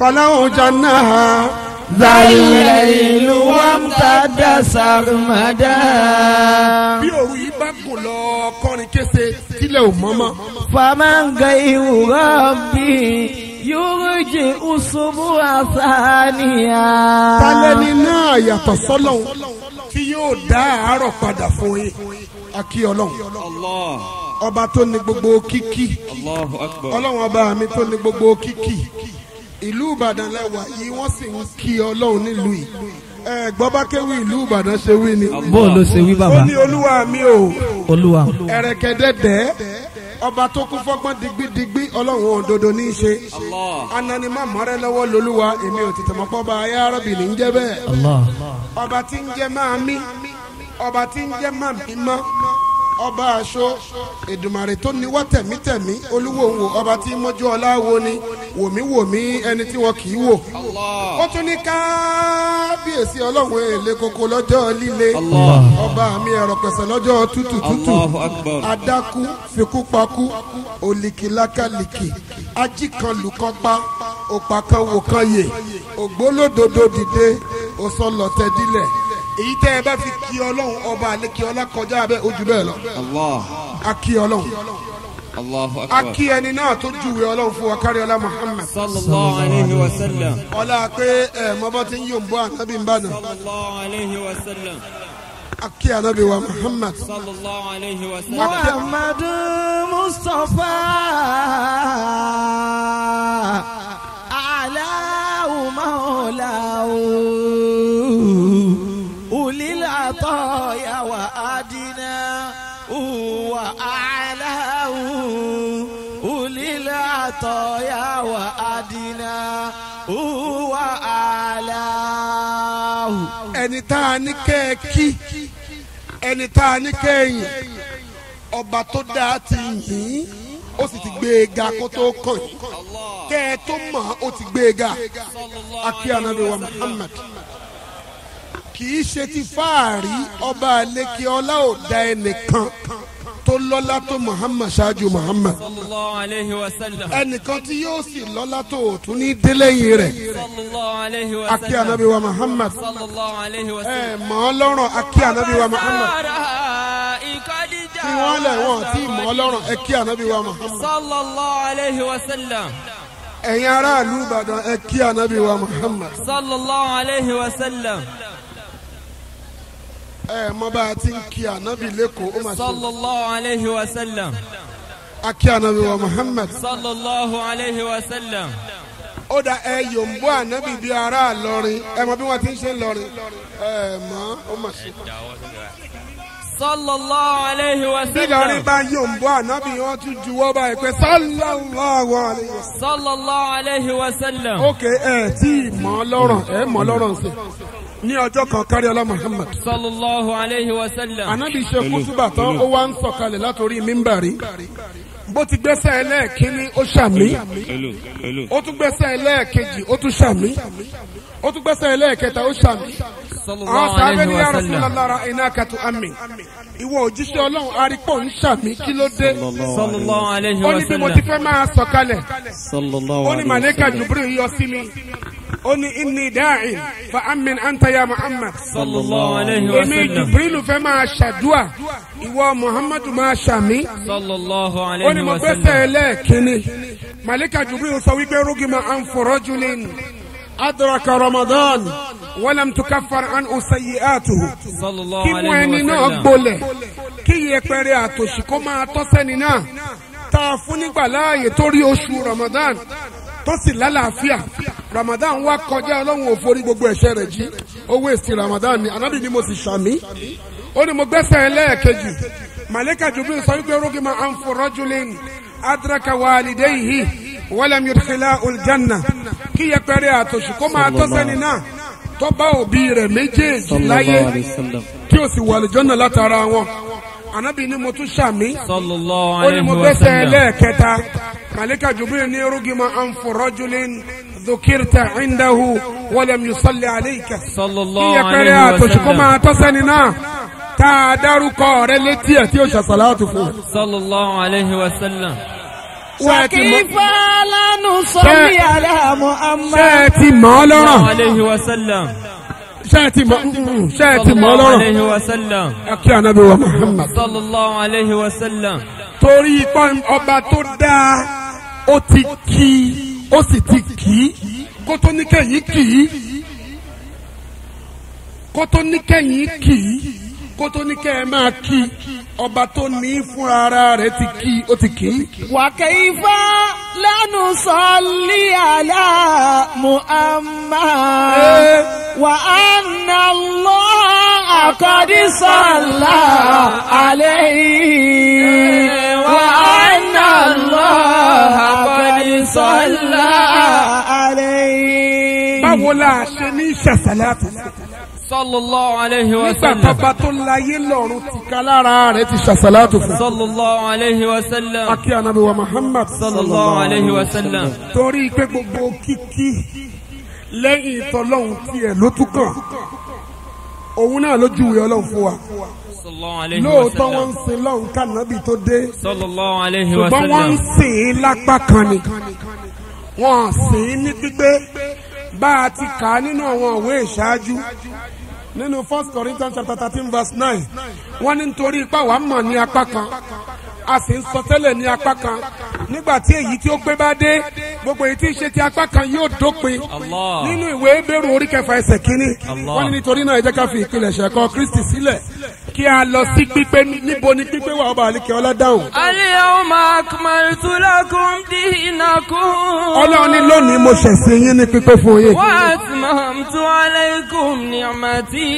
فلو جنها ذا الليل وامتد سرمدا bí òru yìí bá gùn lọ kọrin kése kílẹ̀ ò mọ́mọ́. famanga ìwúrọ̀ bí yorùjì usubu asaniya. talẹ́ni náà yàtọ̀ sọ́lọ́hún tí yóò dá àárọ̀ padà fún yín akí ọlọ́run ọba tó ní gbogbo kíkì ọlọ́run ọba mi tó ní gbogbo kíkì ìlú ìbàdàn lẹ́wà yìí wọ́n sì ń kí ọlọ́run nílùú yìí ẹ gbọ́ bá kéwì ìlú ìbàdàn ṣe wí ni. bó o ló ṣe wí bàbá. ó ní olúwa mi o. olúwa. ẹ̀rẹ̀kẹ̀dẹ̀dẹ̀ ọba tó kún fọ́gbọ́n digbidigbi ọlọ́run òdodo ní í ṣe. anani má mọ́rẹ́ lọ́wọ́ lolúwa èmi ò tètè mọ́ pọ́ bá ayé arábì ní í jẹ́ bẹ́ẹ̀. ọba tí ń jẹ́ máa mí ọba tí ń jẹ́ máa mí mọ́ ọba aṣọ Èdùmàrè tó ní wá tẹ̀mítẹ̀mí olúwòwò ọba tí mójú ọlá wo ni wòmíwòmí ẹni tí wọn kì í wò ó tún ní kábíyèsí ọlọ́run èlé koko lọ́jọ́ líle ọba mi ẹ̀rọ pẹ̀sẹ̀ lọ́jọ́ tútù tútù adákú fikúpakú olìkìlákàlìkì ajíkanlùkọ́pá òpàkànwòkànyè ògbólódodo dìde òsọlọ̀tẹ̀dílẹ̀ èyí tẹ́ ẹ bá fi kí ọlọ́run ọba àlẹ́ kí ọlá kọjá abẹ́ ojú bẹ́ẹ̀ lọ. a kí ọlọ́run. a kí ẹni náà tó júwe ọlọ́run fún wa kárí ọlá Muhammad. sallallahu alayhi wa sallam. ọlá pé ẹ mọ́bọ́ ti ń yọ̀ ń bọ́ ànábì ń bá nà. a kí ànábì wa Muhammad. sallallahu mustapha aláwọ̀ máa ń la العطايا وأدناه وأعلاه أولي العطايا وأعلاه ẹni tá a ní kẹ́ ẹ kí ẹni tá ó sì ti gbé e ga kó tó kàn yín kẹ́ mọ̀ ó ti gbé e ga akí wa Muhammad kì í ṣe ti fáàrí ọba àlekè ọlá ò da ẹnìkan tó lọ́lá tó muhammad ṣáájú muhammad. sallallahu alayhi wa sallam. ẹnìkan tí yóò sì lọ́lá tó o tún ní délẹ́yìn rẹ̀. sallallahu alayhi wa sallam. akí anabi wa muhammad. sallallahu alayhi wa sallam. ẹ mọ̀ ọ́ lọ́rùn akí anabi wa muhammad. tí wọ́n lẹ̀ wọ́n tí mọ̀ lọ́rùn ẹ kí anabi wa muhammad. ẹ̀yin aráàlú ìbàdàn ẹ kí anabi wa muhammad ẹ mọ bá a ti ń kí anabi lẹ́kọ̀ọ́ ó mà ṣe. sallallahu alayhi wa sallam. a kí anabi wa muhammad. sallallahu alayhi wa sallam. ó da ẹ yòǹbó anabi bíi ara lọrin ẹ mọ bí wọn ti ń ṣe lọrin ẹ mọ ó mà ṣe. sallallahu alayhi wa sallam. bí lọrin bá yòǹbó anabi wọn tún juwọ́ báyìí pé sallallahu alayhi wa sallam. sallallahu alayhi wa sallam. ok ẹ tí mọ́ lọ́rùn ẹ mọ́ lọ́rùn sí ní ọjọ́ kan kárí ọlá muhammad. sallallahu alayhi wa sallam. anabi ṣe kútúbà tán ó wá ń sọ̀kalẹ̀ látòrí mímbàrí. bó ti gbẹ́sẹ̀ ẹlẹ́ẹ̀kínní ó ṣàmì. ó tún gbẹ́sẹ̀ ẹlẹ́ẹ̀kejì ó tún ṣàmì. ó tún gbẹ́sẹ̀ ẹlẹ́ẹ̀kẹta ó ṣàmì. àwọn sábẹ́ ní ya ìwọ òjíṣẹ́ ọlọ́run arípò ń ṣàmì kí ló dé. sallallahu alayhi wa sallam. ó ní bí mo ti fẹ́ máa sọ̀kalẹ̀. sallallahu alayhi wa sallam. ó ní màlẹ́kà Jibril yọ sí mi ó ní inni dáì fa amin anta ya muhammad. sallallahu alayhi wa sallam. èmi jibrilu fẹ́ máa ṣàdúà ìwọ muhammadu máa ṣàmì. sallallahu alayhi wa sallam. ó ní mo gbẹ́sẹ̀ lẹ́ẹ̀kínní. malika jibrilu sọ wípé rugima an furajulin adraka ramadan walam tukafar an usayi'atuhu. sallallahu alayhi wa sallam. kí mu ẹni náà gbolẹ̀ kí yẹpẹrẹ àtòṣì kó máa tọ́sẹ́ni náà tá a fún nígbà láàyè torí oṣù ramadan tó sì lálàáfíà Ramadan wa kọjá ọlọ́run ò forí gbogbo ẹ̀ṣẹ̀ rẹ̀ jí ó wéèsì Ramadan ni anábì ni mo sì ṣàmì ó ní mo gbẹ́sẹ̀ lẹ́ẹ̀kejì màlẹ́kà jubril sọ wípé rógì máa ń fọ rọ́júlẹ̀ adraka walidayhi walam yudkhila oljanna kí yẹpẹrẹ àtòṣù kó máa tọ́sẹ́ni náà tó bá òbí rẹ̀ méjèèjì láyé kí o sì wà àlùjọ́nà látara wọn anabi ni mo tún ṣàmì ó ní mo gbẹ́sẹ̀ lẹ́ẹ̀kẹta màlẹ́kà jubril ní rógì máa ń fọ rọ́júlẹ̀ dukirta indahu walam yusalli alayka. sallallahu alayhi wa sallam. iyẹ̀pẹ̀rẹ̀ àtòṣùkọ́ máa tọ́sẹ́ni náà tá a dárúkọ rẹ létí ẹ̀ tí ó ṣàṣàlátù fún. sallallahu alayhi wa sallam. wàkìfà lánàá sọ́ọ̀lì ala Muhammad. ṣé ẹ ti mọ̀ ọ́ lọ́rọ̀. sallallahu alayhi wa sallam ṣáàtì mọ ṣáàtì mọ lọ́rọ̀ akí anabi wa muhammad. sallallahu alayhi wa sallam. torí ọba tó dáa ó ti kí i ó sì ti kì í kó tó ní kẹ́yìn kì í kó tó ní kẹ́yìn kì í kó tó ní kẹ́ ẹ máa kì í ọba tó ní fúnra ara rẹ̀ ti kí ó ti kí. wàkẹ́ ifá lẹ́nu sọ́ọ́lì àlá muhammad wà á nà lọ́ àkọ́dí sọ́ọ́lá àlẹ́ yìí wà á nà lọ́ àkọ́dí sọ́ọ́lá àlẹ́ yìí. báwo la ṣe ní ṣàṣàlẹ́ àtúnṣe sallallahu alayhi wa sallam. nígbà bàbá tó láyé lọ́run tìka lára rẹ̀ ti ṣàṣàlátù fún. sallallahu alayhi wa sallam. akí anabi wa muhammad. sallallahu alayhi wa sallam. torí pé gbogbo kíkí lẹ́yìn ìtọ́lọ́hún tiẹ̀ ló tún kàn òun náà ló júwe ọlọ́run fún wa. lóòótọ́ wọ́n ń sin lọ́run kànábì tó dé. sallallahu alayhi wa sallam. ṣùgbọ́n wọ́n ń sìn ín lápá kan ni wọ́n sìn ín ní gbígbé bá a ti kà á nínú àwọn òwe ìṣáájú nínú first corinthians chapter thirteen verse nine wọ́n ní nítorí ipá wàá mọ̀ ní apá kan a sì ń sọ tẹ́lẹ̀ ní apá kan nígbà tí èyí tí ó pé bá dé gbogbo èyí tí ń ṣe ti apá kan yóò dópin nínú ìwé Hébérù orí kẹfà ẹsẹ̀ kínní wọ́n ní nítorí náà ẹ jẹ́ ká fi ìpilẹ̀ṣẹ̀ kọ Kristi sílẹ̀ kí a lọ sí pípé níbo ni pípé wà ọba àlekè ọlá dáhùn. al-yawma akmaltu lakum dinakum. ọlọ́run ní lónìí mo ṣẹ̀sìn yín ní pípé fún yín. wa atmamtu alaykum ni'mati.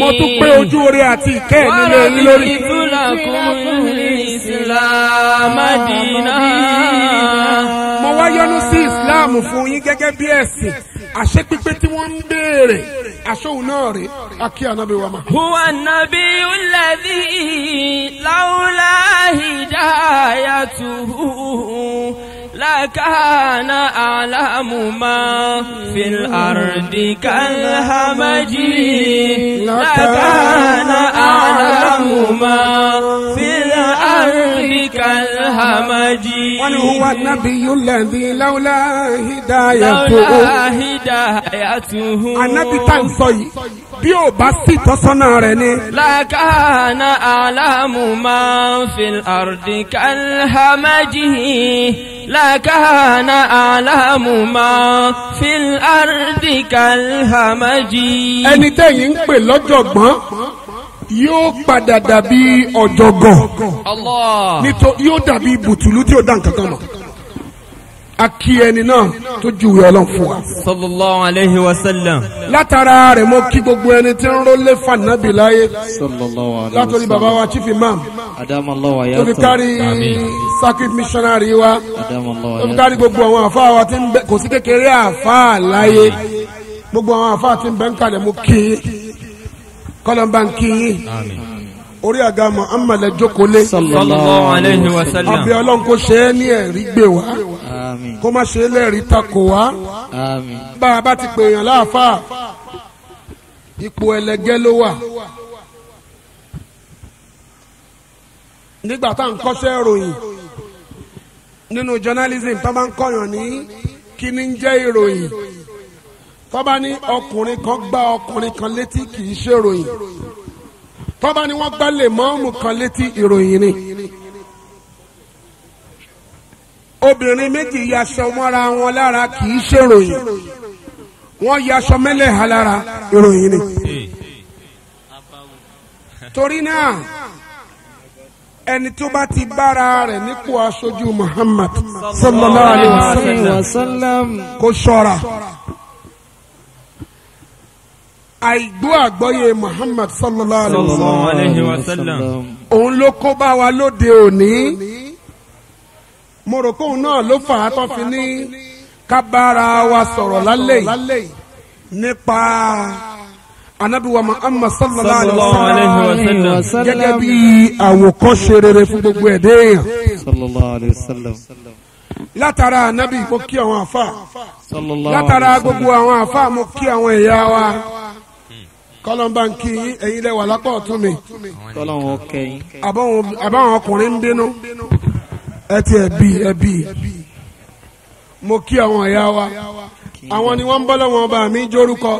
mo tún pé ojú oore àti ìkẹ́ mi lé yín lórí. wa raditu lakum al-islama dinan. mo wá yọ́nú sí ìsìláàmù fún yín gẹ́gẹ́ bí ẹ̀sìn àṣẹ pípé tí wọ́n ń béèrè àṣọhùn náà rè akí ànábì wa ma. huwa nabi uladi laula hidayatuhu. لكان أعلم ما في الأرض كالهمجي لكان أعلم ما في الأرض كالهمجي من هو النبي الذي لولا هدايته لولا هدايته النبي تنصي bí ò bá sì tọ́sọ́nà rẹ̀ ni. lákàánà àlámù máa ń fi àrùdí kálhámájì lákàánà àlámù máa ń fi àrùdí kálhámájì. ẹni tẹ́yìn ń pè lọ́jọ̀gbọ́n yóò padà dàbí ọ̀jọ̀gbọ́n yóò dàbí bùtùlù tí ó dá nǹkan kan a kí ẹni náà tó júwe ọlọ́run fún wa. sallallahu alayhi wa sallam. látara rẹ̀ mo kí gbogbo ẹni tí ń rólé fànàbì láyé. sallallahu alayhi wa sallam. látòrí bàbá wa chief imam. adamallahu wa yàtọ̀. tó kárí circuit missionary wa. adamallahu wa yàtọ̀. tó fi kárí gbogbo àwọn àfa wa tí ń bẹ kò sí kékeré àfa láyé. gbogbo àwọn àfa tí ń bẹ ń kalẹ̀ mo kí kọ́lọ́mbà ń kí yín. àmín orí àga Muhammad lẹ jokole lé sallallahu se é ní gbé wá kó má ṣe lẹ́ẹ̀rí wá bá a bá ti pè láàfáà ipò ẹlẹgẹ́ ló wà. nígbà tá à ń ìròyìn nínú journalism tó bá ń ìròyìn tó bá kan gbá ọkùnrin kan létí kì í tọ́ba ni wọ́n gbá lè mọ́ọ̀mù kan létí ìròyìn ni. obìnrin méjì yaṣọ mọ́ra wọn lára kì í ṣèròyìn wọ́n yaṣọ mẹ́lẹ̀ha lára ìròyìn ni. torí náà ẹni tó bá ti bára rẹ̀ nípò aṣojú Muhammad sallallahu alayhi wa sallam kó ṣọ́ra àìgbọ́ àgbọ́yé Muhammad sallallahu alayhi wa sallam òun ló kó bá wa lóde òní mo rò kóun náà ló fà á tó fi ní kábàárà wa sọ̀rọ̀ lálẹ́ nípa anabiwa Muhammad sallallahu alayhi wa sallam gẹ́gẹ́ bí àwòkọ́ṣe rere fún gbogbo ẹ̀dẹ́ èèyàn látara anabi mo kí àwọn àfa látara gbogbo àwọn àfa mo kí àwọn ẹ̀yà wa kọlọmba ń kí ẹ̀yin lẹwà lápá ọ̀tún mi. kọlọmọ kẹyìn. àbáwọn ọkùnrin ń bínú ẹ ti ẹbí ẹbí mo kí àwọn ẹ̀yà wa àwọn ni wọ́n ń bọ́ lọ́wọ́ ọba mi jórúkọ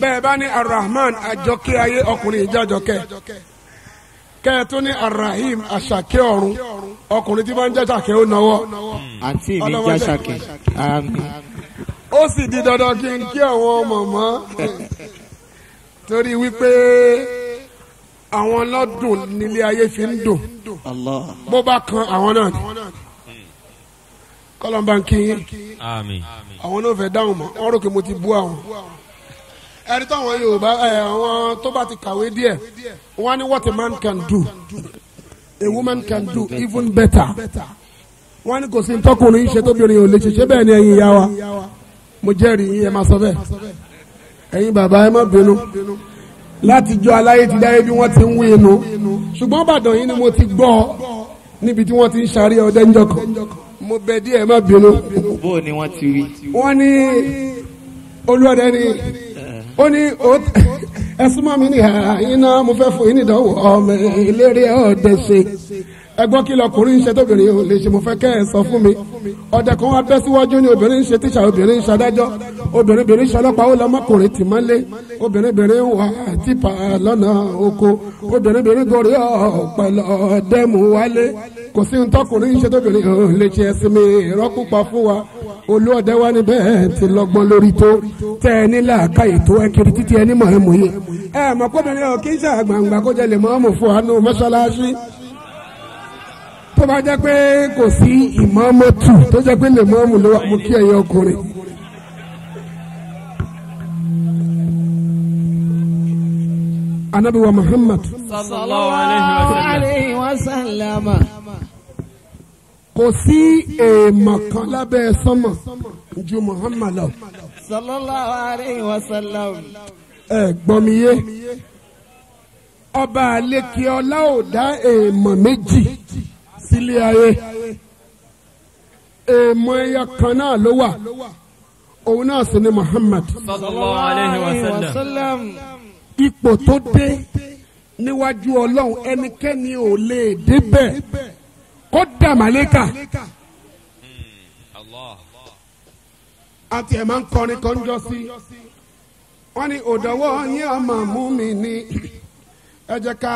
bẹ́ẹ̀ bá ní arahman àjọkẹ́ ayé ọkùnrin ìjàjọkẹ́ kẹ́ ẹ tún ní arahim àṣàkẹ́ ọ̀run ọkùnrin tí bá ń jàṣàkẹ́ ó nọwọ́. àǹtí mi jàṣàkẹ́ ó sì di dandan kí n kí àwọn mọ̀mọ́. torí wípé àwọn lọ́dún nílé ayé fi ń dùn bó bá kan àwọn náà ni kọlọmba ń kín àmín àwọn náà fẹ́ dáhùn mọ́ wọ́n rò pé mo ti bú àwọn ẹni táwọn Yorùbá àwọn tó bá ti kàwé díẹ̀ wọ́n á what a man can do a woman can do even better wọ́n á ní kò sí tọkùnrin ṣe tóbi orin ò lè ṣe ṣe bẹ́ẹ̀ ni ẹ̀yin ìyá wa mo jẹ́rìí ẹ máa sọ bẹ́ẹ̀ ẹ̀yin bàbá ẹ má bínú láti jọ aláyé ti dáyé bí wọ́n ti ń wí inú ṣùgbọ́n Ìbàdàn yìí ni mo ti gbọ́ níbi tí wọ́n ti ń sáré ọdẹ ńjọ kan mo bẹ díẹ̀ má bínú. bó ni wọ́n ti wí. wọ́n ní olúọdẹ ni ó ní ẹ̀sùn mọ́ mi ní àyínná mo fẹ́ fún yín nídánwò ọmọ eléré ọ̀dẹ̀ ṣe ẹgbọ́n kí lọkùnrin ń ṣe tóbìnrin ò lè ṣe mo fẹ́ kẹ́ ẹ̀ sọ fún mi ọ̀dẹ̀ kan wá bẹ́ síwájú ni obìnrin ń ṣe tíṣà obìnrin ń ṣadájọ́ obìnrin bìnrin ṣọlọ́pàá ó lọ́mọkùnrin tì mọ́lé obìnrin bìnrin wà tìpà lọ́nà oko obìnrin bìnrin gorí ọ̀pẹ̀lọ̀ dẹ́mu wálé kò sí ntọ́kùnrin ń ṣe tóbìnrin ò lè ṣe ẹ̀sìn mi irọ́ púpọ̀ fún wa olú ọ̀dẹ̀ wá níbẹ̀ ti lọ́gbọ́n lórí tó tẹ́ ẹ nílẹ̀ àká ètò ẹ kiri títí ẹ ní mọ̀ ẹ mọ̀ yìí ẹ mọ̀ kóbìnrin ò kí ń ṣàgbàǹgbà kó jẹ lè mọ́ ọmọ fún wa nù mọ́ṣáláṣí tó bá jẹ́ pé kò sí ìmọ̀ọ́mọ́tù tó jẹ́ pé lè mọ́ọ́mù ló wà mú kí ọkùnrin. anabiwa muhammad kò sí èèmọ̀ kan lábẹ́ sánmọ̀ ju muhammad lọ. ẹ mi yé ọba ọlá ò sílé ayé èèmọ̀ ẹyà kan náà ló wà òun náà sì ni Muhammad ipò tó dé níwájú ọlọ́run ẹnikẹ́ni ò lè débẹ̀ kó dà màlẹ́kà. àti ẹ̀ máa ń kọrin kan jọ sí wọ́n ní òdòwọ́ yín àmà mú mi ní ẹ ká ká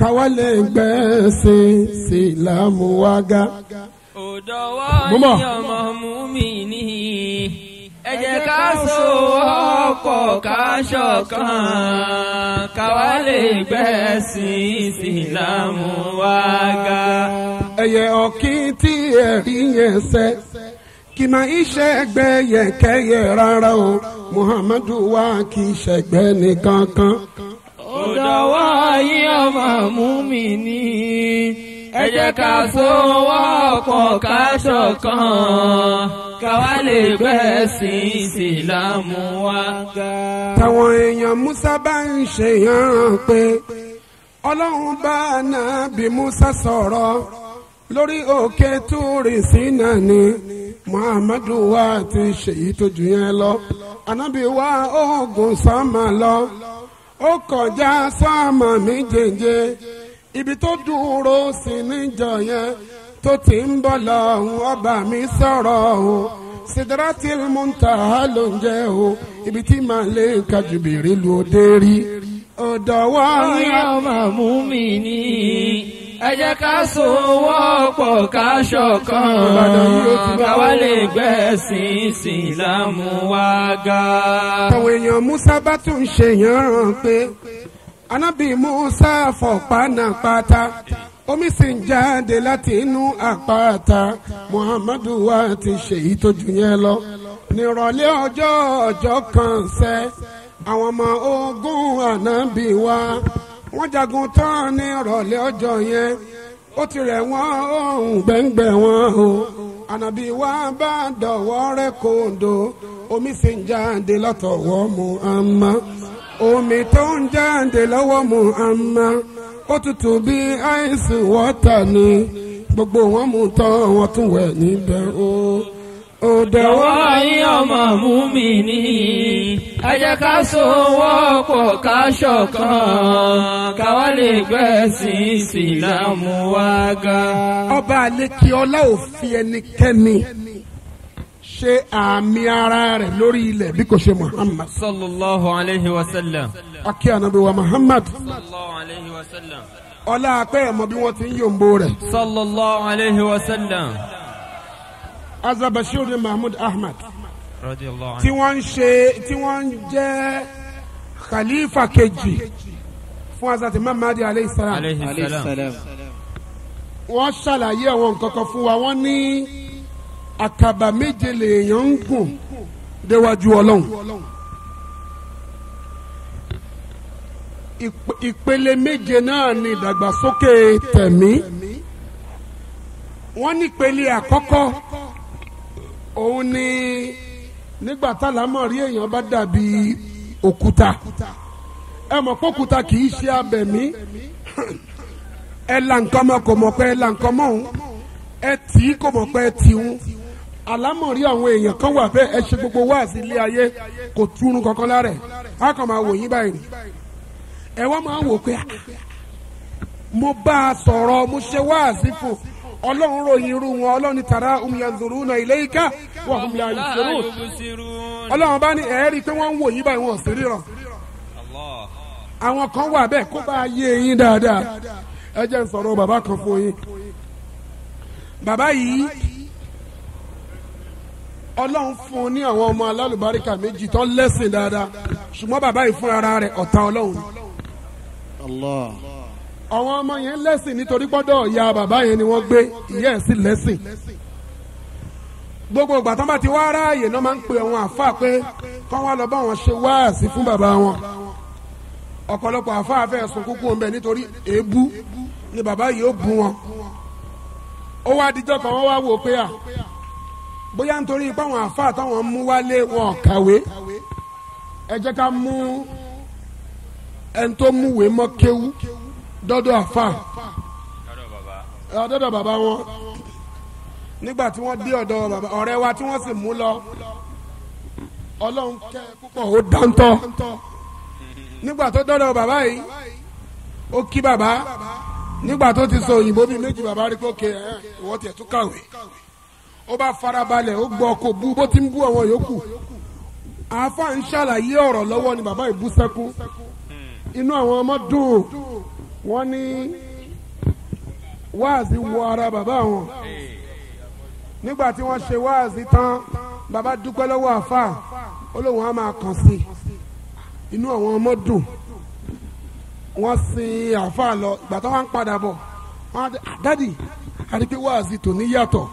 káwa lè gbẹ̀sìn sílámù wa ga. ọ̀dọ̀ wa ni ọmọ mùmínì ẹ jẹ́ ká sowọ́pọ̀ ká ṣọ̀kan káwa lè gbẹ̀sìn sílámù wa ga. ẹyẹ ọ̀kín tí ẹ̀rí yẹn sẹ́ kìmọ̀ iṣẹ́ ẹgbẹ́ yẹkẹ́yẹ rárá o muhammadu wa kì í ṣẹgbẹ́ nìkan kan dọ̀wọ́ yín ọmọ mùmínì ẹ jẹ́ ká sowọ́pọ̀ ká ṣọ̀kan káwa lè gbẹ̀sìn ìsìlámù wa ga. táwọn èèyàn Musa bá ń ṣe yàn pé ọlọ́run bá nàbí Musa sọ̀rọ̀ lórí òkè túrì sínà ni Muhammadu wa ti ṣèyí tó jù yẹn lọ anabi wa oògùn sámà lọ. ó kọjá sáàmà ní jẹjẹ ibi tó dúró sí níjọ yẹn tó ti ń bọ̀ lọ́hùn ọba mi sọrọ o sidratil muntaha ló ń jẹ́ o ibi tí màá lè ka jùbìrì lu òde rí ọ̀dọ̀ wa ni ọmọ mú mi ní. ẹ jẹ́ ká sowọ́pọ̀ ká ṣọ̀kan káwa lè gbẹ̀sìn ìsìlámù wa ga. àwọn èèyàn Musa bá tún ṣe yàn rán pé anábì Musa fọ̀pá náà pátá omi sì ń jáde láti inú àpáta Muhammadu wa ti ṣèyí tó jù yẹn lọ nírọ̀lẹ́ ọjọ́ ọjọ́ kan ṣẹ́ àwọn ọmọ ogun ànábì wa. wọ́n jagun tán ní ìrọ̀lẹ́ ọjọ́ yẹn ó ti rẹ̀ wọ́n òun gbẹ̀ngbẹ̀ wọn o ànàbí wa bá dọ̀wọ́ rẹ̀ kòńdó omi sì ń jáde látọwọ́ Muhammad omi tó ń jáde lọ́wọ́ Muhammad ó tutù bí àìsàn wọ́tà ni gbogbo wọn mú tán wọn tún wẹ̀ níbẹ̀ o. Oh dẹ̀wọ́ ayé ọmọ mú mi ní. ẹ jẹ́ ká sowọ́pọ̀ ká ṣọ̀kan káwa lè gbẹ̀sìn ìsìlámù wa ga. ọba àlekí ọlá ò fi ẹnikẹ́ni ṣe àmì ara rẹ̀ lórí ilẹ̀ bí kò ṣe muhammad. sallallahu alayhi wa sallam. akí ànábi wa muhammad. sallallahu alayhi wa sallam. ọlá apẹ́ ẹ̀mọ́ bí wọ́n ti ń yòǹbo rẹ̀. sallallahu alayhi wa sallam. Azabashiru ni mahmud ahmad tí wọ́n ṣe tí wọ́n jẹ́ khalifa kejì fún azati mamadi aleyhi salam wọ́n ṣàlàyé àwọn nǹkan kan fún wa wọ́n ní àkàbà méje lèèyàn ń gùn déwájú ọlọ́run ìpele méje náà ni ìdàgbàsókè tẹ̀mí wọ́n nípele àkọ́kọ́ òun ni nígbà tálámọ̀ rí èèyàn bá dàbí òkúta ẹ mọ̀ pọ́kúta kì í ṣe abẹ̀mí ẹ là nǹkan mọ́ kò mọ̀ pé ẹ là nǹkan mọ́ òun ẹ tì í kò mọ̀ pé ẹ tì òun àlámọ̀rí àwọn èèyàn kan wà bẹ́ẹ̀ ẹ ṣe gbogbo wáàsí ilé ayé kò túrun kankan lára ẹ̀ á kàn máa wò yín báyìí ẹ wọ́n máa wò pé ah, mo bá a sọ̀rọ̀ mo ṣe wáàsí fún un ọlọ́run ròyìn irú wọn ọlọ́run tara umyanzuru na ilé ika wọ́n hum la yusirun ọlọ́run bá ní ẹ̀ẹ́rì pé wọ́n ń wò yí báyìí wọn ò sí ríran àwọn kan wà bẹ́ẹ̀ kó bá yé yín dáadáa ẹ jẹ́ n sọ̀rọ̀ bàbá kan fún yín bàbá yìí ọlọ́run fún un ní àwọn ọmọ alálùbáríkà méjì tó lẹ́sìn dáadáa ṣùgbọ́n bàbá yìí fúnra rẹ̀ ọ̀tá ọlọ́run ni àwọn ọmọ yẹn lẹ́sìn nítorí gbọ́dọ̀ ya bàbá yẹn ni wọ́n gbé ìyá ẹ̀ sì lẹ́sìn gbogbo ìgbà tó bá ti wá ráàyè náà máa ń pe àwọn àáfàá pé kọ́ wá lọ bá wọn ṣe wáàsí fún bàbá wọn ọ̀pọ̀lọpọ̀ àáfàá fẹ́ sùn kúkú ọ̀nbẹ nítorí èébú ni bàbá yìí ó bu wọn ó wá dijọ́ kan wọ́n wá wò pé à bóyá nítorí ipá àwọn àáfàá táwọn mú wálé wọn kàwé ẹ jẹ́ ká mú ẹni tó múwèé mọ́ kéwú dọ́dọ̀ àfa dọ́dọ̀ baba. Ah, wọn nígbà tí wọ́n dé ọ̀dọ̀ baba. ọ̀rẹ́ wa tí wọ́n sì mú lọ ọlọ́run kẹ́ púpọ̀ ó dáńtọ́ nígbà tó dọ́dọ̀ bàbá yìí ó kí bàbá nígbà tó ti sọ òyìnbó bíi méjì bàbá rí pé òkè ẹ ìwọ tiẹ̀ tún kàwé ó bá farabalẹ̀ ó gbọ́ kó bú bó ti ń bú àwọn yòókù àáfàá ń ṣàlàyé ọ̀rọ̀ lọ́wọ́ ni baba yìí bú sẹ́kún hmm. inú àwọn ọmọ dùn wọ́n ní wáàzì wọ ara bàbá wọn nígbà tí wọ́n ṣe wáàzì tán bàbá dúpẹ́ lọ́wọ́ àfà olóhùn á máa kàn sí inú àwọn ọmọ dùn wọ́n sin àfà lọ ìgbà tó wọ́n ń padà bọ̀ wọ́n á dádì ah, àdìpé wáàzì tò ní yàtọ̀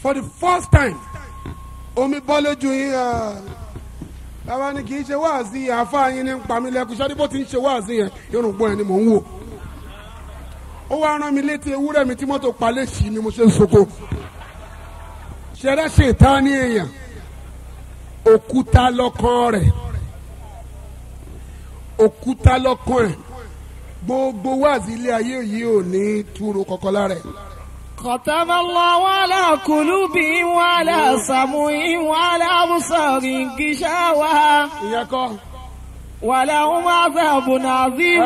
for the first time omi bọ́ lójú yín. Uh, bàbá ni kì í ṣe wáàzì àáfàá ní pamílẹ́kùn ṣáà bó ti ṣe yẹn irun gbọ́n ni mò ń wò. ó wá rán mi létí ewúrẹ́ mi tí mọ́tò palẹ̀ sí ni mo ṣe ń soko. ṣẹlẹ̀ ní rẹ̀ òkúta rẹ̀ gbogbo wáàzì ilé ayé yìí ò ní ختم الله على قلوبهم وعلى سمعهم وعلى أبصارهم غشاوة ولهم عذاب عظيم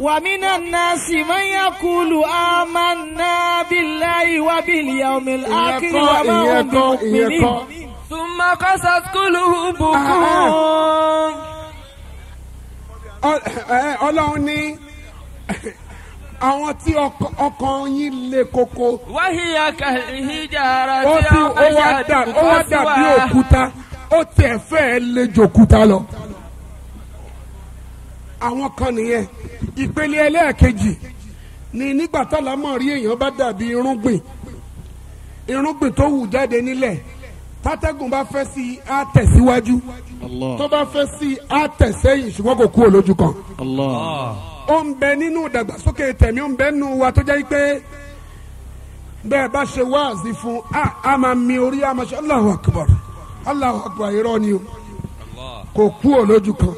ومن الناس من يقول آمنا بالله وباليوم الآخر وما هم بمؤمنين ثم قست قلوبكم ọlọ́run ní àwọn tí ọkàn yín le koko. wáhíyà kàlíhìjára tí a bá yà dùkú sí wa. ó wá dàbí òkúta ó tiẹ̀ fẹ́ẹ́ le jòkúta lọ. àwọn kan nìyẹn ìpele ẹlẹ́ẹ̀kejì ni nígbà tọ́lá mọ̀ rí èèyàn bá dàbí irúgbìn irúgbìn tó wù jáde nílẹ̀ tátẹ́gùn bá fẹ́ sí i á tẹ̀síwájú tó bá fẹ́ sí i á tẹ̀sẹ́yìn ṣùgbọ́n kò kúrò lójú kan. Allah. Allah ó ń bẹ nínú ìdàgbàsókè tẹ̀mí ó ń bẹ nínú wa tó jẹ́ pé bẹ́ẹ̀ bá ṣe wáàzì fún a a máa mi orí a máa ṣe Allahu Akbar Allahu Akbar irọ́ ni o kò kú ò lójú kan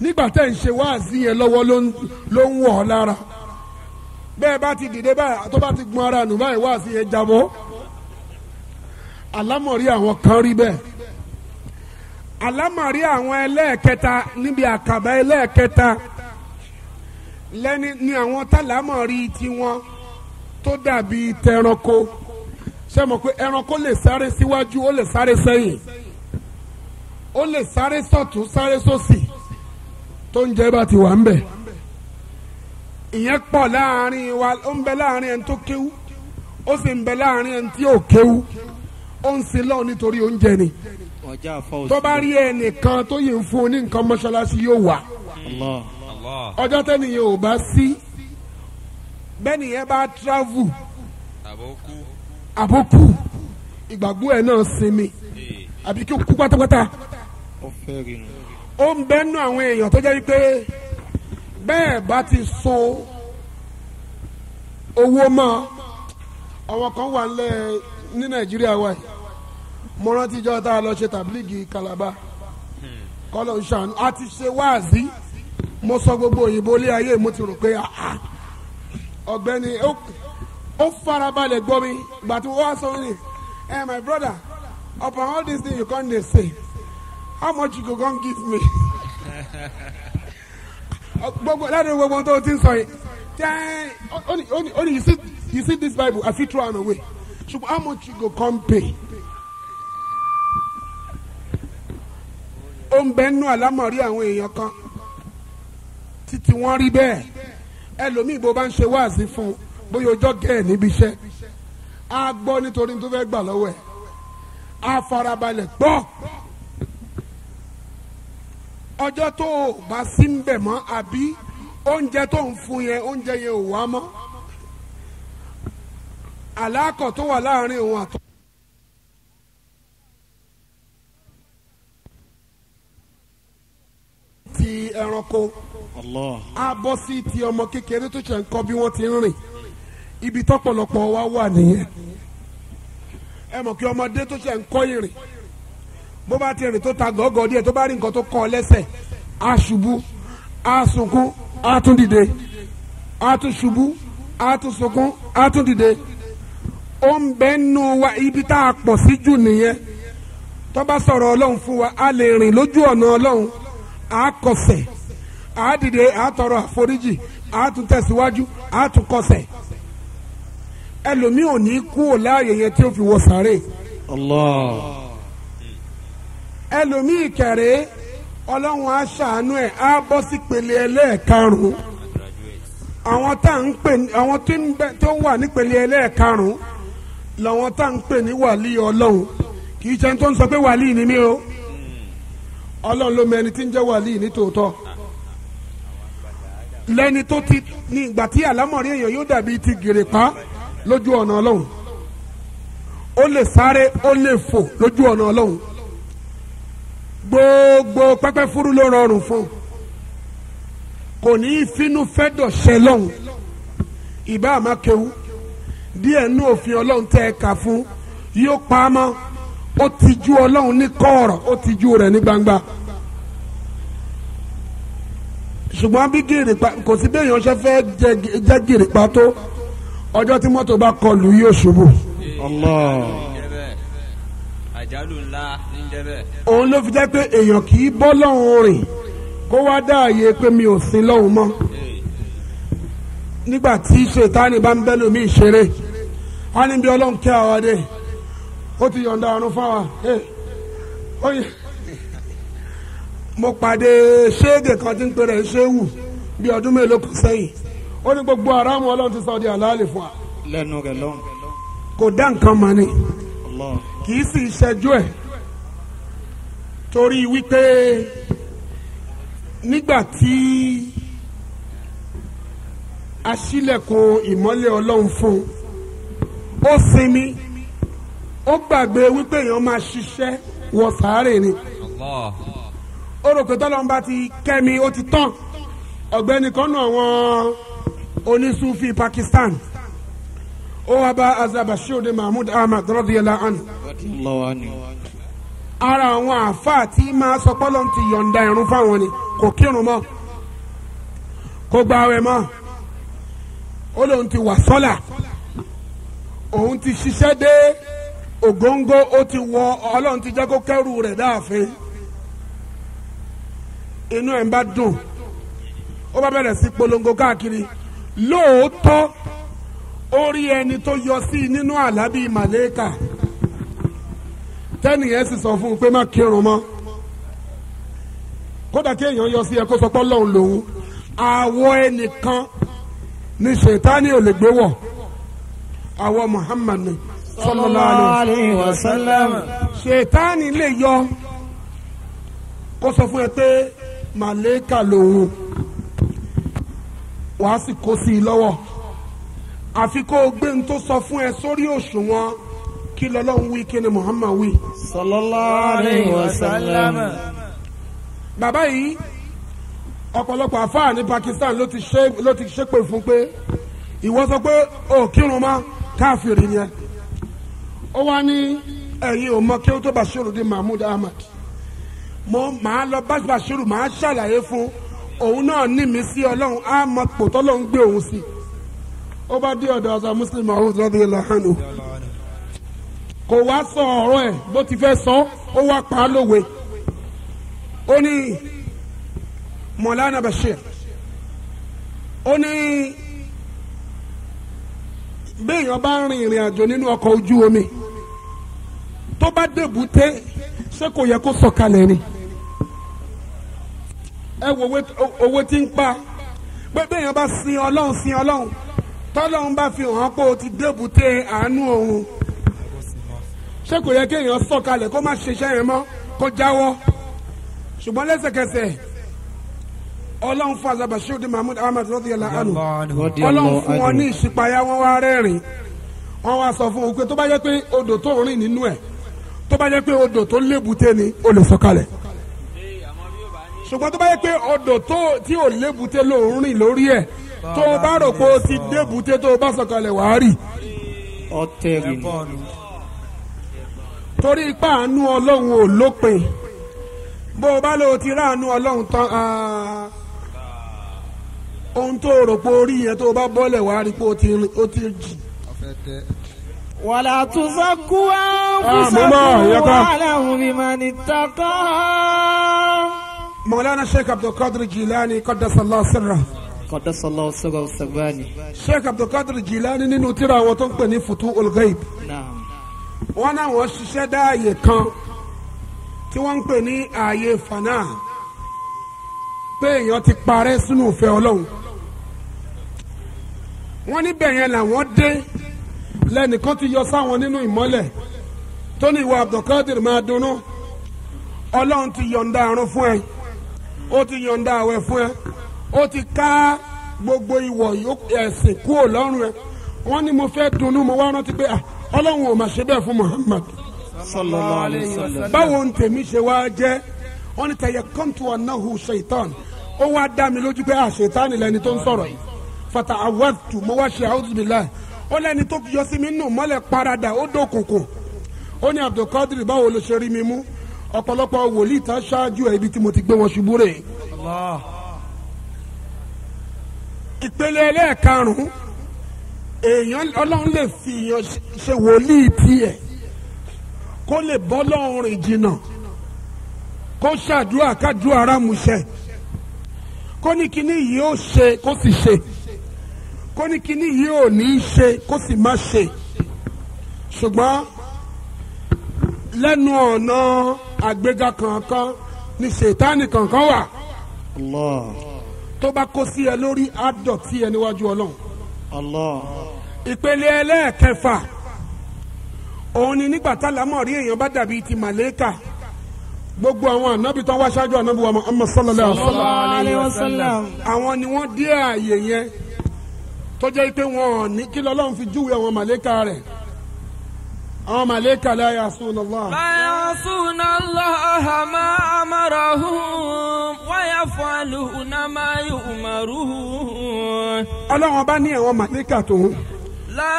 nígbà tẹ́ ń ṣe wáàzì yẹn lọ́wọ́ ló ń wọ̀ ọ́ lára bẹ́ẹ̀ bá ti dìde báyìí tó bá ti gun ara nù báyìí wáàzì yẹn jábọ́ àlámọ̀rí àwọn kan rí bẹ́ẹ̀ àlámọ̀rí àwọn ẹlẹ́ẹ̀kẹta níbi àkàbà ẹlẹ́ẹ̀kẹta. lẹ́ni ni àwọn tálámọ̀rí tiwọn tó dàbí tẹranko ṣé mọ̀ pé ẹranko lè sáré síwájú ó lè sáré sẹ́yìn ó lè sáré sọ̀tún sáré sósì tó ń jẹ́ bá ti wà ń bẹ̀ ìyẹn pọ̀ láàrin wa ó ń bẹ láàrin ẹni tó kéwú ó sì ń bẹ láàrin ẹni tí ò kéwú ó ń sin lọ́wọ́ nítorí oúnjẹ ni tó bá rí ẹnìkan tó yẹ fún un ní nǹkan mọ́ṣáláṣí yóò wà ọjọ́ tẹ́niyàn ò bá sí bẹ́niyàn bá travel àbókù ìgbàgbọ́ ẹ̀ náà sinmi àbí kí o kú pátápátá ó ń bẹ́nu àwọn èèyàn tó jẹ́ wípé bẹ́ẹ̀ bá ti so owó mọ́ àwọn kan wà nílẹ̀ ní nàìjíríà wa yìí mo rántí ìjọ tá a lọ ṣe tàbílíìgì kalaba hmm. kọ́lọ̀ ń ṣàánú a ti ṣe wáàzí mo sọ gbogbo òyìnbó ilé ayé mo ti rò pé ah, ah. ọ̀gbẹ́ni ó farabalẹ̀ gbọ́ mi gbà tí wọ́n sọ ní ẹ eh, my brother upon all these things you come dey say how much you go come give me gbogbo láti gbogbo tó ti ń sọ yìí ten only only only you see you see this bible i fit throw am away ṣùgbọ́n how much you go come pay. ó ń bẹ́ẹ̀ nú àlámọ̀rí àwọn èèyàn kan títí wọ́n rí bẹ́ẹ̀ ẹlòmíì bó bá ń ṣe wáàsí fún un bóyá ọjọ́ gẹ̀ẹ́ níbi iṣẹ́ á gbọ́ nítorí tó fẹ́ gbà lọ́wọ́ ẹ̀ á farabalẹ̀ gbọ́ ọjọ́ tó o bá sí ń bẹ̀ mọ́ àbí oúnjẹ tó ń fún yẹn oúnjẹ yẹn ò wá mọ́ àlákọ̀ tó wà láàrin òun àtọ́. ti ẹranko. Allah. a bọ́ sí ti ọmọ kékeré tó ṣe ń kọ́ bí wọ́n ti ń rìn ibi tọ́pọ̀lọpọ̀ wa wà nìyẹn ẹ mọ̀ kí ọmọdé tó ṣe ń kọ́ ìrìn bó bá ti rìn tó ta gọ́gọ́ díẹ̀ tó bá rí nǹkan tó kọ́ lẹ́sẹ̀ á ṣubú á sunkún á tún dìde á tún ṣubú á tún sunkún á tún dìde ó ń bẹ nù wa ibi tá a pọ̀ sí jù nìyẹn tó bá sọ̀rọ̀ ọlọ́run fún wa a lè rìn lójú ọ̀nà ọlọ́run àákọ̀sẹ̀ á àtọrọ àforíjì á tún tẹ̀síwájú ní kú láàyè tí ó fi wọ sàárè. ẹlòmíì kẹrẹ ọlọ́run á ṣàánú ẹ̀ á bọ́ sí pele ẹlẹ́ẹ̀karùn àwọn tá à ń pè àwọn tó wà nípele ẹlẹ́ẹ̀karùn làwọn tá à ń pè ní ọlọ́run kì í ṣe tó ni mí o ọlọ́run ló ẹni tí ń jẹ́ ní lẹ́ni tó ti ní ìgbà tí àlámọ̀rí èèyàn yóò dàbí ti gèrè pa lójú ọ̀nà ọlọ́run ó lè sáré ó lè fò lójú ọ̀nà ọlọ́run gbogbo pẹ́pẹ́ fúru ló rọrùn fún kò ní í fínú fẹ́ dọ̀ṣẹ́ lọ́hùn ìbá àmà kéwú díẹ̀ nú òfin ọlọ́run tẹ́ ẹ kà fún yóò pa á mọ́ ó ti ju ọlọ́run ní kọ́ọ̀rọ̀ ó ti ju rẹ̀ ní gbangba ṣùgbọ́n bí gèrè pa kò sí bẹ́ẹ̀ yẹn ṣe fẹ́ jẹ́ gèrè pa tó ọjọ́ tí mọ́tò bá kọlù yóò ṣubú. òun ló fi jẹ́ pé èèyàn kì í bọ́ lọ́hùn rìn kó wá dáàyè pé mi ò sin lọ́hùn mọ́ nígbà tí ṣètánì bá ń bẹ́ lómi ìṣeré wọ́n ní bí ọlọ́run kẹ́ àwọn ọdẹ ó ti yọ̀ǹda ọ̀run fáwa mo pàdé ṣéègè kan tí ń pèrè ṣéwù bí ọdún mélòó kan sẹ́yìn ó ní gbogbo aráàmù ọlọ́run ti sọ di àlàálẹ̀ fún wa. lẹ́nu rẹ̀ lọ́hùn. kò dá nǹkan mọ̀ ni kì í sì ṣẹjú ẹ̀ torí wípé nígbà tí aṣílẹ̀kùn ìmọ́lẹ̀ ọlọ́run fún ó sinmi ó gbàgbé wípé èèyàn máa ṣiṣẹ́ wọ sàárè ni. Allah ó rò pé tọ́lọ́run bá ti kẹ́mi ó ti tán ọ̀gbẹ́ni kan náà wọn onísùnfì Pakistan ó wá bá azabashiode Mahmud Ahmad radiyallahu anhu. ara àwọn àáfàá tí máa sọ pọ́lọ́n ti yọ̀ǹda ìrun fáwọn ni kò kírun mọ́ kò gbààwẹ̀ mọ́ ó lóun ti wà sọ́là òun ti ṣiṣẹ́ dé ògóńgó ó ti wọ ọlọ́run ti jẹ́ kó kẹ́rù rẹ̀ dáàfin inú ẹ̀ ń bá dùn ó bá bẹ̀rẹ̀ sí polongo káàkiri lóòótọ́ ó rí ẹni tó yọ sí i nínú àlá bíi màlẹ́kà tẹ́nìyẹn sì sọ fún un pé má kírun mọ́ kódà kí èèyàn yọ sí ẹ kó sọ pé ọlọ́run lòun àwọ̀ ẹnìkan ni ṣètánì ò lè gbé wọ̀ àwọ̀ Muhammad ni sallallahu wasallam ṣètánì lè yọ kó sọ fún ẹ pé. màlẹ́kà lòun á sì kó sí i lọ́wọ́ àfi kó o gbé n tó sọ fún ẹ sórí òṣùwọ̀n kí lọ́lọ́run wí kí ni Muhammad wí. sallallahu alayhi wa bàbá yìí ọ̀pọ̀lọpọ̀ àfáà ní Pakistan ló ti ṣépè fún pé ìwọ sọ pé ò kírun mọ́ káfíìrì yẹn ó wá ní ẹ̀yin ò mọ kí ó tó Bashiru di Mahmud Ahmad. mo máa lọ bá Bàṣírù máa ṣàlàyé fún òun náà ní mi sí ọlọ́run á mọ pò tọ́lọ́run gbé òun sí ó bá dé ọ̀dọ̀ ọ̀sán Muslim Maud radiyallahu anhu kò wá sọ ọ̀rọ̀ ẹ̀ bó ti fẹ́ sọ ó wá pa á lówe ó ní Mọ̀lánà Bashir ó ní béèyàn bá ń rin ìrìn àjò nínú ọkọ̀ ojú omi tó bá débùté ṣé kò yẹ kó sọ̀kalẹ̀ ni ẹ wo owó tí ń pa pé bẹ́ẹ̀ bá sin ọlọ́run sin ọlọ́run tọ́lọ́run bá fi hàn pé o ti débùté àánú òun ṣé kò yẹ kéèyàn sọ̀kalẹ̀ kó má ṣiṣẹ́ yẹn mọ́ kó jáwọ́ ṣùgbọ́n lẹ́sẹ̀kẹsẹ̀ ọlọ́run fún azabashiru mahmud ahmed rọ́díyàlá àánú ọlọ́run fún wọn ní ìṣípayá wọn wá rẹ́rìn wọn wá sọ fún wọn pé tó bá yẹ pé odò tó rìn nínú ẹ̀ tó bá yẹ pé odò tó lébùté ni o lè sọ̀kalẹ̀ ṣùgbọ́n tó bá yẹ pé ọ̀dọ̀ tí ò lébùté lòún rìn lórí ẹ̀ tó o bá rò pé o ti débùté tó o bá sọ̀kalẹ̀ wàá rì. ni. torí ipá àánú ọlọ́run ò lópin bó o bá lọ o ti ráàánú ọlọ́run tán ohun tó o rò pé orí yẹn tó o bá bọ́lẹ̀ wàá rí pé o ti jì. ولا تزكوا أنفسكم ولو بمن اتقى مولانا الشيخ عبد القادر الجيلاني قدس الله سره قدس الله سره السباني الشيخ عبد القادر الجيلاني nínú tírà wọn tó ń pè ní Futuhul Ghaib نعم wọn náà wọ́n ṣiṣẹ́ dá ààyè kan tí wọ́n ń pè ní ààyè fana pé èèyàn ti parẹ́ sínú ìfẹ́ Ọlọ́run wọ́n níbẹ̀ yẹn làwọn dé lẹ́nìkan ti yọ Abdulkadir máa dunnú Ọlọ́run ti àrùn fún ẹ ó ti yọ̀ǹda àwẹ̀ fún ẹ ó ti ká gbogbo ìwọ̀ ẹ̀sìn kúrò lọ́rùn ẹ wọ́n ní mo fẹ́ dunnú mo wá rántí pé ah, ọlọ́run ò mà ṣe bẹ́ẹ̀ fún Muhammad sallallahu alayhi wa sallam báwo ń tèmi ṣe wá jẹ́ wọ́n ní tẹ̀yẹ kọ́ńtù ọ̀nàhù ṣèitán ó wá dá mi lójú pé àṣetán ah, lẹni tó ń sọ̀rọ̀ yìí fata awọ́tù mo wá ṣe àwùjọbìlá ó lẹni tó yọ sí mi nù mọ́lẹ̀ parada ó dókòkò ó ní Abdulkadir báwo ló ṣe rí mi mú ọ̀pọ̀lọpọ̀ wòlíì tán ṣáájú ẹ̀ ibi tí mo ti gbé wọn ṣubú rè. ìpele ẹlẹ́ẹ̀karùn-ún èèyàn ọlọ́run lè fi èèyàn ṣe wòlíì tiẹ̀ kó lè bọ́ lọ́rùn rìn jìnnà kó ṣàdúrà kádùá ara musẹ̀ kó ní kíní yìí ó ṣe kó sì ṣe kó ní kíní yìí ò ní í ṣe kó sì má ṣe ṣùgbọ́n lẹ́nu ọ̀nà àgbéga kankan ni ṣètánì kankan wà. Allah. tó bá kó sí ẹ lórí àdọ̀tí ẹ níwájú ọlọ́run. ìpele ẹlẹ́ẹ̀kẹfà òun ni nígbà tálámọ̀ rí èèyàn bá dàbí ti màlẹ́kà gbogbo àwọn ànábì tó wá ṣáájú ànábì wa Muhammad sallallahu alayhi àwọn ni wọ́n dé ààyè yẹn tó jẹ́ pé wọ́n ní kí lọ́lọ́run fi júwe àwọn màlẹ́kà rẹ̀ àwọn màlẹ́kà la ya'suna Allah. la ya'suna Allah ma amarahum wa yaf'aluna ma yu'marun. ọlọ́run ọba ní àwọn màlẹ́kà tòun. la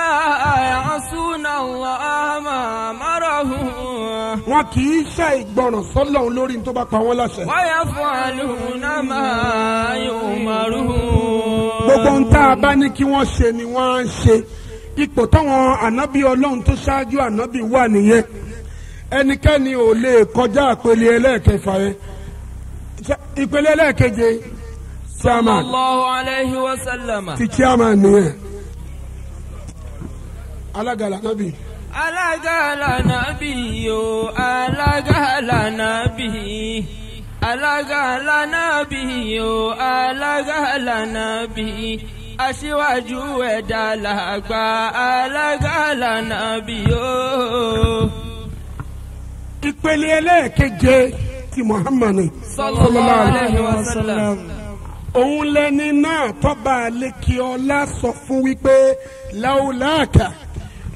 ya'suna Allah ma amarahum. wọn kì í ṣe ìgbọràn sọ́lọ́run lórí tó bá pa wọ́n láṣẹ. wa yaf'aluna ma yu'marun. gbogbo ń tá a bá ní kí wọ́n ṣe ni wọ́n á ṣe. ipò táwọn anabi ọlọ́run tó ṣáájú anabi wà nìyẹn ẹnikẹ́ni ò lè kọjá àpele ẹlẹ́ẹ̀kẹfà yẹn ìpele ẹlẹ́ẹ̀keje chairman ti chairman nìyẹn alága lànábì. alága o alága alága o alága aṣíwájú ẹ̀dá làgbà alágàlà nàbí o. ìpele ẹlẹ́ẹ̀keje ti muhammadu sallallahu alayhi wa sallam òun lẹni náà tọ́ba alekeola sọ fún wípé laulaka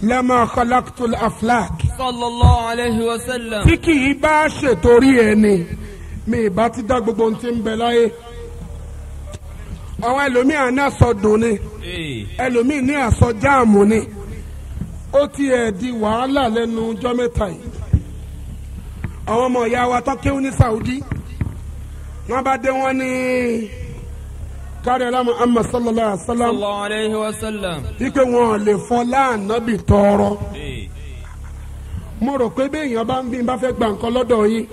lama khalaqtul aflak. sallallahu alayhi wa sallam. tí kì í bá ṣètò orí ẹni mi ì bá ti dá gbogbo ohun tí ń bẹ láyé. àwọn ẹlòmíì àná dùn ni ẹlòmíì ní àsọ jáàmù ni ó ti ẹ̀ di wàhálà lẹ́nu Jọ́mẹ́ta. yìí àwọn ọmọ ìyá wa ní Saudi wọ́n bá dé wọ́n ní kárí alámọ àmà sallallahu sallallahu wọn lè fọ láànábì tọrọ mo rò pé bá n gba nǹkan lọ́dọ̀ yín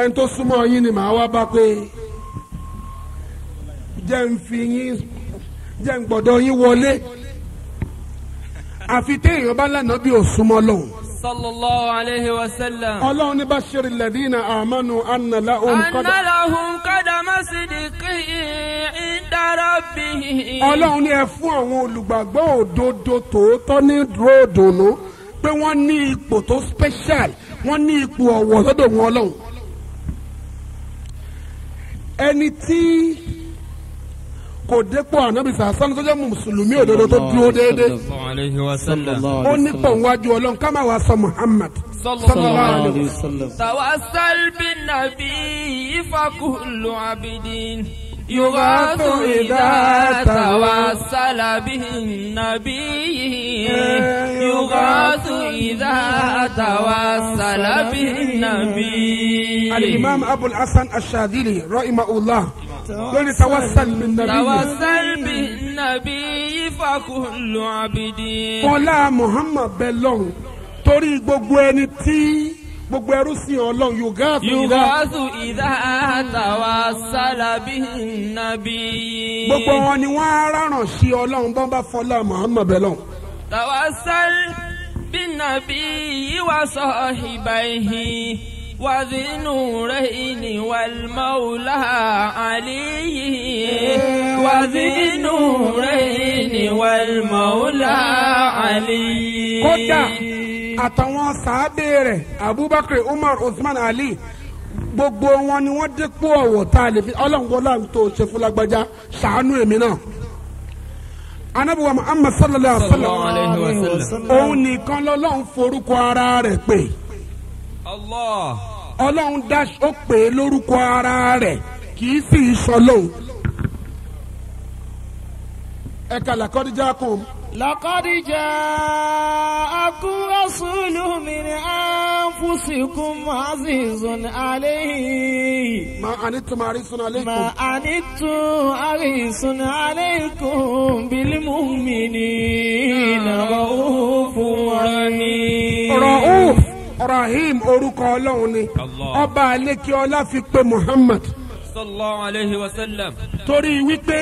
ẹni ni màá wá bá pé. jẹ́ ń fi yín jẹ́ ń gbọ́dọ̀ yín wọlé àfi téèyàn bá lànà bí òsùnmọ́ lòun. sallallahu alayhi wa sallam. ọlọ́run ní bashiri ladina amanu anna lahum qadama. anna lahum qadama sidiki inda rabbihim. ọlọ́run ní ẹ fún àwọn olùgbàgbọ́ òdodo tòótọ́ ní dúró pé wọ́n ní ipò tó special wọ́n ní ipò ọ̀wọ̀ lọ́dọ̀ wọn ọlọ́run. ẹni tí kò dépò ànábì sàásán tó jẹ́ mùsùlùmí òdodo tó dúró déédéé. ó ní pọ̀nwájú ọlọ́run ká máa wá sọ muhammad. sallallahu alaihi wasallam. tawassal bin nabi fakullu abidin. يغاث إذا توسل به النبي يغاث إذا توسل به النبي الإمام أبو الحسن الشاذلي رحمه الله lórí tawasal bi nabi. tawasal bi nabi ifakulu abidi. kọ́lá muhammad bẹ lọ́hùn torí gbogbo ẹni tí gbogbo ẹrú sí ọlọ́run yóò yùgáàsù ìdá tawassala bí nàbí. gbogbo wọn ni wọn á ráràn sí ọlọ́run bọ́n bá fọlá muhammad bẹ lọ́hùn. tawassal bí nàbí yíwá sọ وذي نورين والمولى علي وذي نورين والمولى علي kódà àtàwọn sàábé rẹ̀ abubakar umar usman ali gbogbo wọn ni wọn dépò ọ̀wọ̀ tá a lè fi Ọlọ́run wọlé àwọn tó ṣe fún lágbájá ṣàánú èmi náà anabiwa muhammad sallallahu alaihi wa sallam òun nìkan lọ́lọ́run forúkọ ara rẹ̀ pè é. Allah. ọlọ́run dá ó pè é lórúkọ ara rẹ̀ kì í sì í sọlọ́hún. ẹ̀ka làkọ́díjà kò. làkọ́díjà akúrọ́sùlù mi ni anfusikum azizun alayhi. ma anittum arisun alaykum. ma anittum arisun alaykum bil mu'minina ra'ufun rahim. ra'uf. Ibrahim orúkọ ọlọ́run ni ọba àlékí ọlá fi pé Muhammad. sallallahu alayhi wa sallam. torí wípé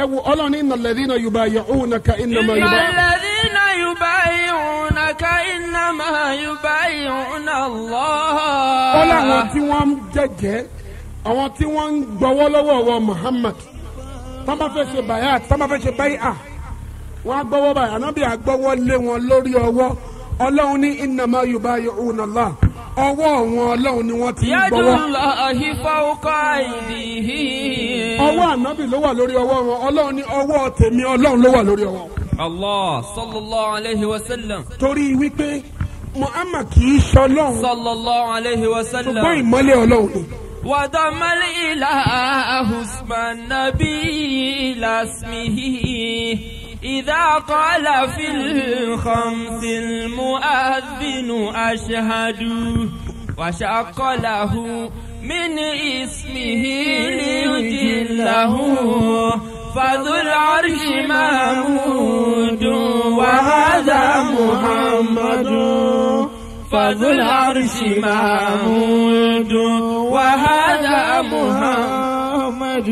ẹ wo ọlọ́run ní innal ladhina yubayi'unaka innama yubayi'unaka. innal ladhina yubayi'unaka innama yubayi'una Allah. ó láwọn tí wọ́n ń jẹ́jẹ́ àwọn tí wọ́n ń gbọ́wọ́ lọ́wọ́ wọ Muhammad tọ́ bá fẹ́ báyà tọ́ báyà wọ́n á gbọ́wọ́ báyà ànábì àgbọ́wọ́ lé wọn lórí ọwọ́ ọlọ́run ní innama yubayi'una Allah ọwọ́ wọn ọlọ́run ni wọ́n ti ń gbọ́wọ́. yadullahi fawqa aydihi. ọwọ́ ànábì ló wà lórí ọwọ́ wọn ọlọ́run ní ọwọ́ tèmi ọlọ́run ló wà lórí ọwọ́. Allah sallallahu alayhi wa sallam. torí wípé Muhammad kì í ṣọlọ́run. sallallahu alayhi wa sallam. ṣùgbọ́n ìmọ́lẹ̀ ọlọ́run ni. وضم الإله اسم النبي إلى اسمه إذا قال في الخمس المؤذن أشهد وشق له من اسمه ليجله فذو العرش محمود وهذا محمد فذو العرش محمود وهذا محمد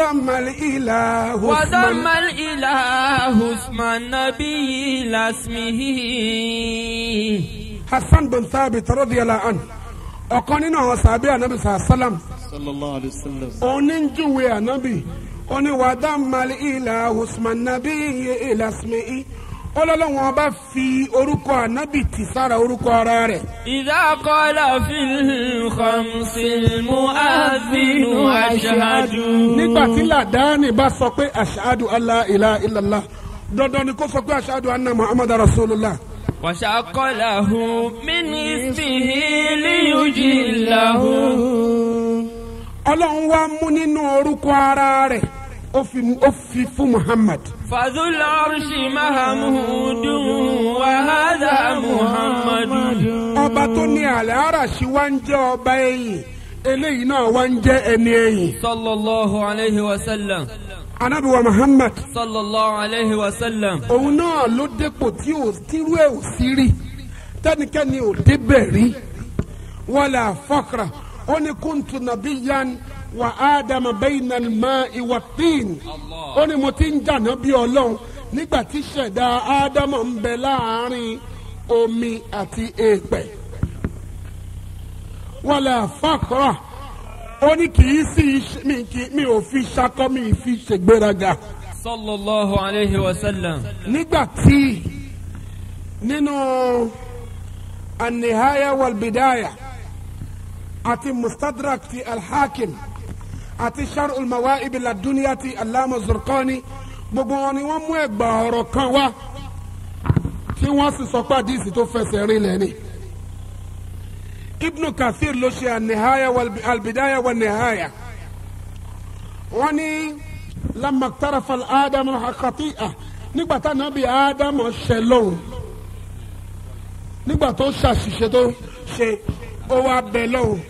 وضم الإله وضم الإله اسم النبي لاسمه حسن بن ثابت رضي الله عنه أقنين وصابي النبي صلى الله عليه وسلم صلى الله عليه وسلم أقنين جوي النبي أقنين وضم الإله اسم النبي إلى اسمه ọlọ́lọ́wọ́n bá fi orúkọ ànábì tì sára orúkọ ara rẹ̀. idha qala fil khamsil mu'adhdhinu ashhadu. nígbà tí làdáni bá sọ pé ashhadu alla ilaha illallah dandan ni kó sọ pé ashhadu anna muhammad rasulullah. وشق له من اسمه ليجله. ọlọ́run wá mú nínú orúkọ ara rẹ̀ ó fi fún muhammad. fadul arshi mahamudun wahada muhammadun. ọba tó ní àlẹ́ arashi wá ń jẹ́ ọba ẹ̀yìn eléyìí náà wá ń jẹ́ ẹni ẹ̀yìn. sallallahu alayhi wa sallam. anabi wa muhammad. sallallahu alayhi wa sallam. òun náà ló dépò tí ò tírú ẹ̀ ò sí rí tẹ́nikẹ́ni ò débẹ̀ rí wala fakra ó ní kuntu nabiyan wà ádámà bayna al-ma'i wat-tin ó ní mo ti ń jàná bí ọlọ́run nígbà tí ṣẹ̀dá ádámà ń bẹ láàárín omi àti èèpẹ̀ wala faqra ó ní kì í sí mi ò fi ṣakọ́ mi fi ṣègbéraga. sallallahu alayhi wa sallam. nígbà tí nínú an-nihaya àti mustadrak ti al àti sharul mawa'ib ladunya ti alama zurqani gbogbo wọn ni wọ́n mú ẹgbà ọ̀rọ̀ kan wá tí wọ́n sì sọ pé àdìsí tó fẹsẹ̀ rinlẹ̀ ni. ibnu kathir ló ṣe anihaya albidaya wa nihaya wọ́n ní lamma tarafal adamu hakati'a nígbà tá nàbí adamu ṣe lóhùn nígbà tó ṣàṣìṣe tó ṣe ó wá bẹ lóhùn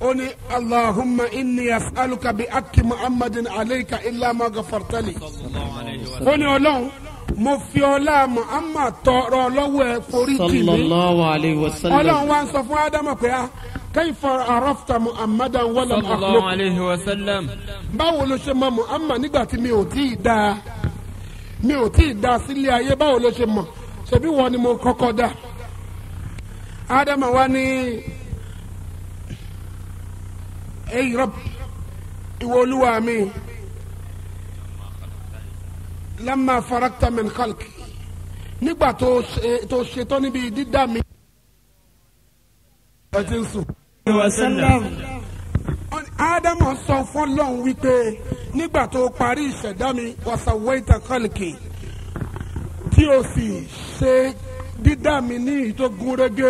ó ní allahumma inni as'aluka bi aki muhammadin aleyka illa ma gafartali ó ní ọlọ́run mo fi ọlá muhammad tọrọ lọ́wọ́ ẹ forí tì mí ọlọ́run wa ń sọ fún ádámù pé a ah, kayfa arafta muhammadan walam akhluq báwo ló ṣe mọ muhammad nígbà tí mi ò tí ì dáa mi ò tí ì da sílé ayé báwo ló ṣe mọ̀ ṣebí wọn ni mo kọ́kọ́ dá ádámà wa ní ẹ̀yin rọ́b ìwọ olúwa mi lamma farakta min khalqi nígbà tó ṣetán níbi dídá mi. ọtí ń sùn. ádámù sọ fọlọ́n wípé nígbà tó parí ìṣẹ̀dá mi wasawaita khalqi tí o sì ṣe dídá mi ní ìtógun rege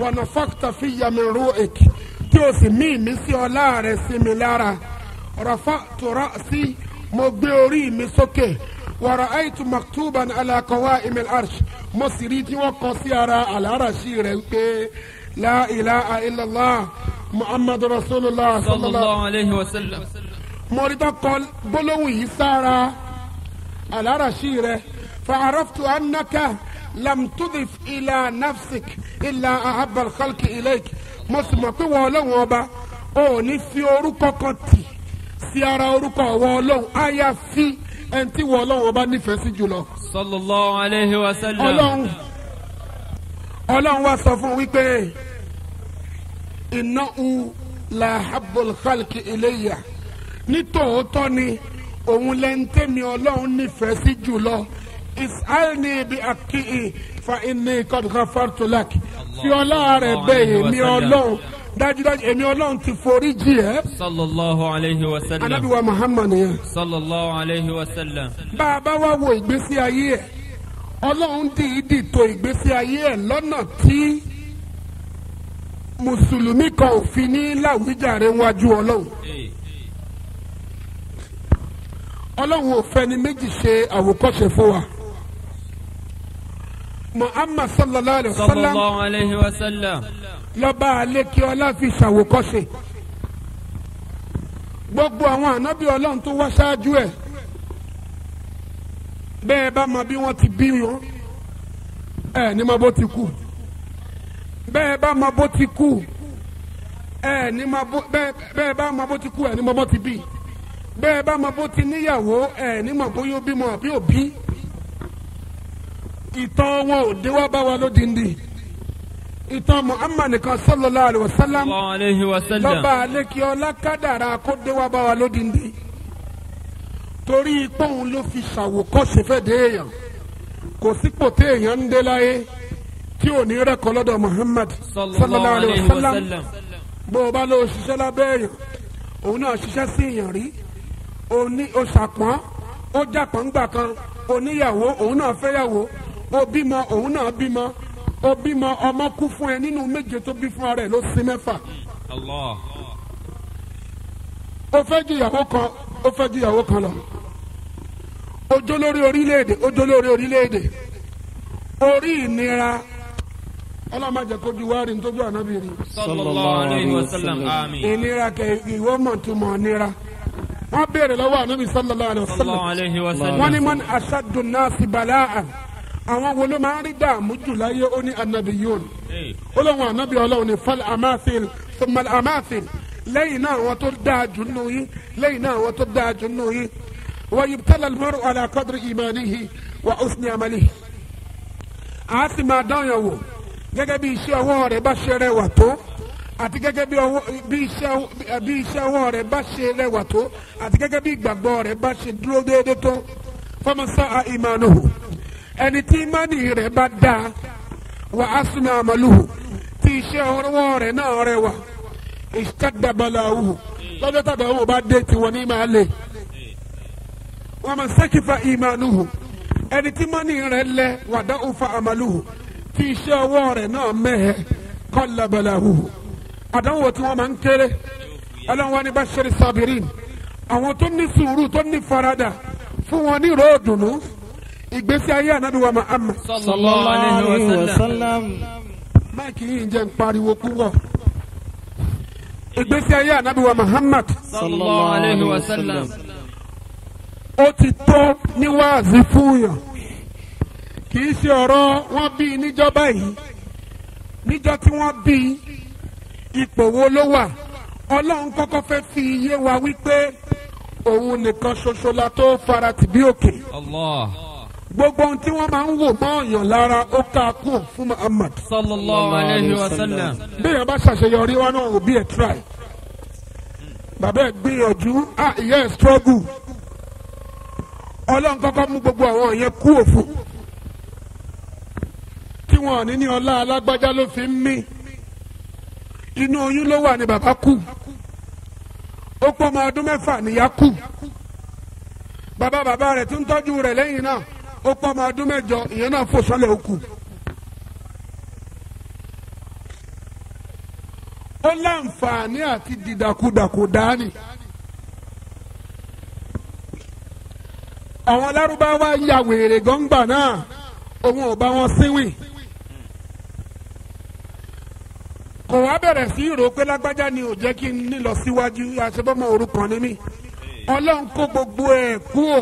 wọnà fàkítà fi yàmi rú èkì tí o sì mí ìmísí ọlá rẹ̀ sí mi lára rọ̀fọ́ tòrọ́ sí mo gbé orí mi sókè wàrà àìtú maktuban alakọwa emil arch mo sì rí tí wọ́n kọ sí ara alárasí rẹ̀ wípé la ilaha illallah muhammadu rasulillah sallallahu alayhi wa sallam. mo rí tó kọ yìí sára alárasí rẹ̀ fa'araftu annaka lam tudif ila nafsik illa ahabba al ilayk mo sì mọ̀ pé wọ́n ọlọ́run ọba ò ní fi orúkọ kan tì sí ara orúkọ wọ́n ọlọ́run àyàfi ẹni tí wọ́n ọlọ́run ọba nífẹ̀ẹ́ sí jùlọ. sallallahu alayhi wa sallam. ọlọ́run ọlọ́run wa sọ fún wípé innahu la habbul khalqi ilayya nítòótọ́ ni òun lẹ́ńtẹ́mi ọlọ́run nífẹ̀ẹ́ sí jùlọ ìsáàlì bíi àkìí fa inni qad ghafartu lak fi ọlá rẹ̀ bẹ́ẹ̀ èmi ọlọ́run dájúdájú èmi ọlọ́run ti forí jì ẹ́. sallallahu alayhi wa sallam. anabiwa muhammad yẹn. sallallahu alayhi wa sallam. bá a bá wá wo ìgbésí ayé ẹ̀ ọlọ́run dìídì tò ìgbésí ayé ẹ̀ lọ́nà tí mùsùlùmí kan ò fi ní láwùjáre wájú ọlọ́run. ọlọ́run ò fẹ́ni méjì ṣe àwòkọ́ṣe fún wa muhammad sallallahu alayhi wa sallam sallallahu alayhi wa sallam lọ́ba alekiola fi ṣàwòkọ́ṣe gbogbo àwọn ànábì ọlọ́run tó wá ṣáájú ẹ̀ bẹ́ẹ̀ bá mọ bí wọ́n ti bí wọn ẹ̀ ní mọ bó ti kú bẹ́ẹ̀ bá mọ bó ti kú ẹ̀ ní mọ bó bẹ́ẹ̀ bá mọ bó ti kú ẹ̀ ní mọ bó ti bí bẹ́ẹ̀ bá mọ bó ti níyàwó ẹ̀ ní mọ bóyá ó bímọ àbí òbí ìtàn wọn ò dé wá bá wa lódìndín ìtàn muhammad nìkan sallallahu alayhi wa sallam lọ́ba àlékí ọlá kádàrá kó dé wá bá wa lódìndín torí pọ́ùn ló fi ṣàwòkọ́ṣe fẹ́ dé èèyàn kò sípò tí èèyàn ń dé láyé tí ò ní rẹ́kọ̀ọ́ lọ́dọ̀ muhammad sallallahu alayhi bó o bá lọ ṣiṣẹ́ lábẹ́ èèyàn òun náà ṣiṣẹ́ sí èèyàn rí òun ní oṣàpọ́n ó jàpọ̀ ńgbà kan oníyàwó òun náà fẹ́yàwó ó bímọ òun náà bímọ ó bímọ ọmọ kú fún ẹ nínú méje tó bí fún ara ẹ ló sin mẹ́fà. Allah. ó fẹ́ ju ìyàwó kan ó fẹ́ ju ìyàwó kan lọ ojó lórí orílẹ̀-èdè ojó lórí orílẹ̀-èdè orí ìnira ọlọ́mọdé kò di wárí nítorí ànábì rí. sallallahu alayhi ìnira kẹ ìwọ mọ̀ tó mọ̀ nira wọ́n béèrè lọ́wọ́ ànábì sallallahu alayhi wa sallam wọ́n ní man ashaddu an-nasi bala'an àwọn wo ló máa ń rí dààmú jù láyé ó ní anabi yóò ó lóun anabi ọlọ́run ní fal amathil fal amathil lẹ́yìn náà àwọn tó dáa jù nù yín lẹ́yìn náà àwọn tó dáa jù nù yín wa yubtala al-mar'u ala qadri imanihi wa husni amalihi. a sì máa dán wò gẹ́gẹ́ bí iṣẹ́ ọwọ́ rẹ̀ bá ṣe rẹwà tó àti gẹ́gẹ́ bí iṣẹ́ ọwọ́ rẹ̀ bá ṣe rẹwà tó àti gẹ́gẹ́ bí ìgbàgbọ́ rẹ̀ bá ṣe dúró déédéé tó fọmọsá ìmánuhu ẹni tí mánì rẹ̀ bá dáa wà á súnmọ́ àmàlùhù tí iṣẹ́ ọwọ́ rẹ̀ náà rẹwà ìṣàdàbàlà àwùhù lọ́jọ́ tàbí àwọn bá dé tiwọn ní máa lè wọ́n máa sẹ́kìfà ìmánùhù ẹni tí mánì rẹ̀ lẹ wàdá òfa àmàlùhù tí iṣẹ́ ọwọ́ rẹ̀ náà mẹ́hẹ̀ kọ́lábàlà àdánwò tí wọ́n máa ń kéré ọlọ́run bá ṣe sábìrín àwọn tó ní sùúrù tó ní farada fún wọn ní ròdùnú ìgbésí ayé ànábì wa Muhammad. sallallahu alayhi wa sallam. máìkì yìí ń jẹ́ ń pariwo púpọ̀. ìgbésí ayé ànábì wa Muhammad. sallallahu alayhi wa sallam. ó ti tó ní wáàzí fún yàn. kì í ṣe ọ̀rọ̀ wọn bí níjọ́ báyìí níjọ́ tí wọ́n bí ipò wo ló wà ọlọ́run kọ́kọ́ fẹ́ fi iye wa wípé òun nìkan ṣoṣo la tó fara tì bí òkè. Allah. gbogbo ohun tí wọ́n máa ń wò mọ́ ọ̀yàn lára ó ká kú fún Muhammad. sallallahu alayhi wa sallam. bí èèyàn bá ṣàṣeyọrí wọn náà òbí ẹ̀ try. bàbá ẹ̀ gbìyànjú à ah, ìyá struggle. ọlọ́run kọ́kọ́ mú gbogbo àwọn yẹn kú òfò. tí wọn ò ní ní ọlá alágbájá ló fi ń mí. inú oyún ló wà ní bàbá kú. ó ọdún mẹ́fà ó pọ́ ọmọ ọdún mẹ́jọ ìyẹn náà fò sọ́lẹ̀ òkú. ó láǹfààní àti dìdàkudàkù dání. àwọn lárúbáwá ya wèrè gọ́ngbà náà òun ò bá wọn síwìn. kò wá bẹ̀rẹ̀ sí ìrò pé lágbájá ni ò jẹ́ kí n nílọ síwájú àṣebọ́mọ orúkọ ni mí ọlọ́run kó gbogbo ẹ̀ kú ò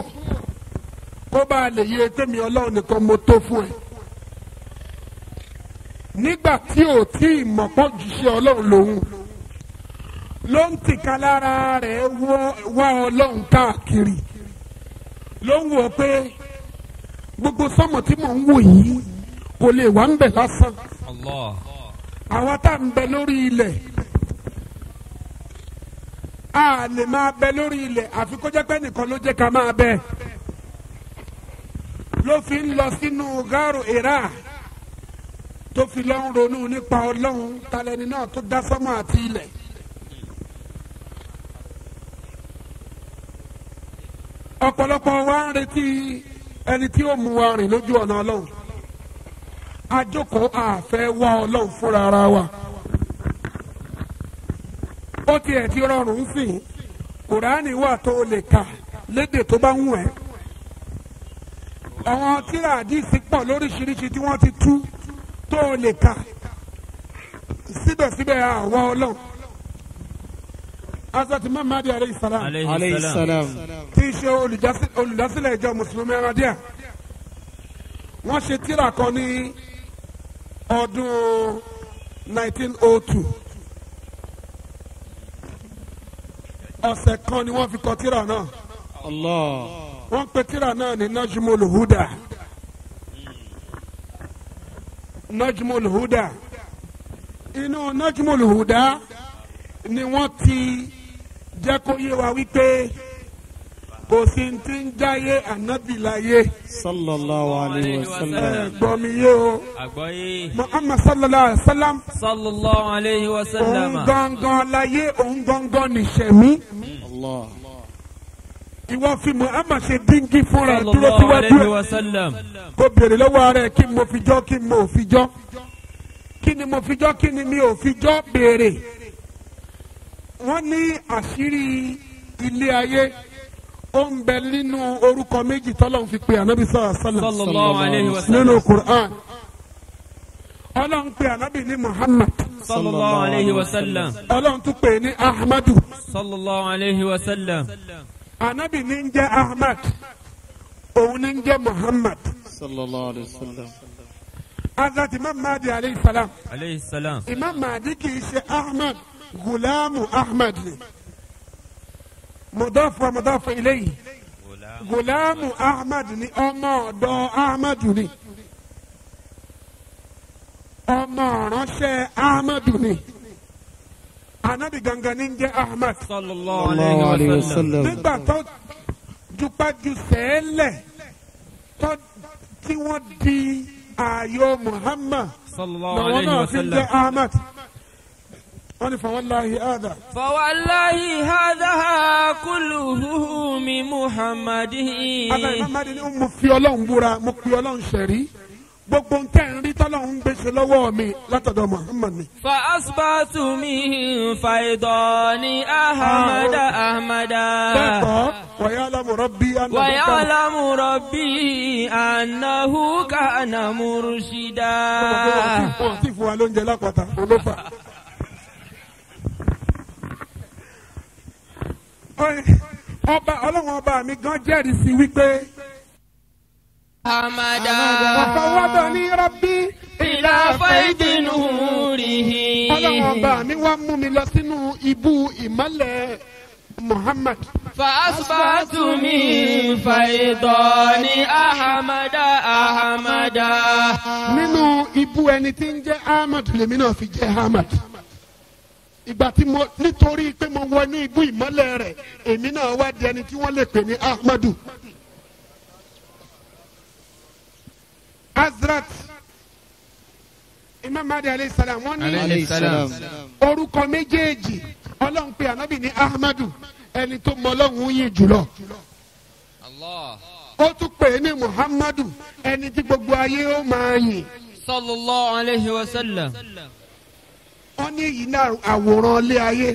kó bá a lè yé tèmi ọlọ́run nìkan mo tó fún ẹ. nígbà tí ò tí ì mọ̀ pọ̀ jùṣẹ́ ọlọ́run lòun ló ń tìka lára rẹ̀ wá ọlọ́run káàkiri ló ń wò pé gbogbo sọ́mọ̀ tí mò ń wò yìí kò lè wà ń bẹ̀ lásán. àwa tá à ń bẹ lórí ilẹ̀ a lè máa bẹ lórí ilẹ̀ àfi kó jẹ́ pé nìkan ló jẹ́ ká máa bẹ ló fi ń lọ sínú gáàrò ìrà tó fi lọ ń ronú nípa ọlọ́run talẹ́ni náà tó dá sọ́mọ́ àti ilẹ̀. ọ̀pọ̀lọpọ̀ wa ń retí ẹni tí ó mú wa rìn lójú ọ̀nà ọlọ́run ajókòó àfẹ́ wá ọlọ́run fúnra ara wa ó tiẹ̀ ti rọrùn sí Kùránì wà tó lè kà lédè tó bá ń wù àwọn tíra àdìsí pọ̀ lóríṣiríṣi tí wọ́n ti tú tó o lè kà síbẹ̀síbẹ̀ àwọn ọlọ́run azati mamadi aleyhi salam aleyhi salam tí ṣe olùdásílẹ̀ ìjọ mùsùlùmí ẹ̀rọ̀díà wọ́n ṣe tíra kan ní ọdún 1902 ọ̀sẹ̀ kan ni wọ́n fi kọ tíra náà wọ́n pe tírà náà ní najmul huda najmul huda inú najmul huda ni wọ́n ti jẹ́ kó yé wa wípé kò sí ti ń jáyé ànábì láyé. sallallahu alayhi wa sallam. gbọ́ mi yé o. àgbọ́yé. muhammad sallallahu alayhi wa sallam. sallallahu alayhi wa sallam. òun gangan láyé òun gangan nìṣẹ̀mí. Allah ìwọ fi muhammad ṣe díngí fúnra dúró síwájú ẹ kó béèrè lọ́wọ́ rẹ kí mo fi jọ́ kí mo fi jọ́ kí ni mo fi jọ́ kí ni mi ò fi jọ́ béèrè wọ́n ní àṣírí ilé ayé ó ń bẹ nínú orúkọ méjì tọ́lọ́run fi pe ànábì sallallahu alaihi nínú Qur'an ọlọ́run pe ànábì ní Muhammad sallallahu alaihi wasallam ọlọ́run tún pè ní Ahmadu sallallahu alaihi wasallam anabi ní ń jẹ́ ahmad òun ní ń jẹ́ muhammad. sallallahu alayhi wa sallam. azat imam mahdi alayhi salam. alayhi salam. imam mahdi kì í ṣe ahmad gulaamu ahmad ni mudaf wa mudaf ilayhi gulaamu ahmad ni ọmọ ọ̀dọ̀ ahmad ni ọmọ ọ̀ránṣẹ́ ahmad ni anabi gangan ń jẹ́ ahmed. sallallahu alayhi wa sallam. nígbà tó jupaju sẹ́ẹ̀lẹ̀ tó tí wọ́n di ayọ̀ muhammad. sallallahu alayhi wa sallam. làwọn náà fi jẹ́ ahmed. wọ́n ní fọwọ́láhi hàdà. fọwọ́láhi hàdà kulluhu min ni mo fi ọlọ́run búra mo fi ọlọ́run ṣẹ̀rí gbogbo ntẹ́ rí tọ́lọ́hún ń gbèsè lọ́wọ́ mi látọ̀dọ̀ Muhammad ni. fa asibatu mi faidọ ni ahamada ahamada. bẹ́ẹ̀ kọ́ wàyálámù rọ́bì anahu. wàyálámù rọ́bì anahu kana murshida. wọ́n ti fún wa lóúnjẹ lápáta olófà. ọba ọlọ́run ọba mi gan jẹ́rìí sí wípé. حمدا وفوضني ربي إلى فيض نوره ọlọ́run ọba mi wá mú mi lọ sínú ibú ìmọ́lẹ̀ Muhammad. فأصبحت من فيضان أحمدا أحمدا. nínú ibú ẹni tí ń jẹ́ Ahmad lèmi náà fi jẹ́ Ahmad ìgbà tí mo nítorí pé mo wọ inú ibú ìmọ́lẹ̀ rẹ̀ èmi náà wá di ẹni tí wọ́n lè pè ní Ahmadu. Hazrat Imam Mahdi alayhi salam wọ́n ní alayhi salam orúkọ méjèèjì ọlọ́run pé anabi ní ahmadu ẹni tó mọ ọlọ́run yìí jùlọ ó tún pè é ní muhammadu ẹni tí gbogbo ayé ó máa yìn. sallallahu alayhi wa sallam. wọ́n ní èyí náà àwòrán ilé ayé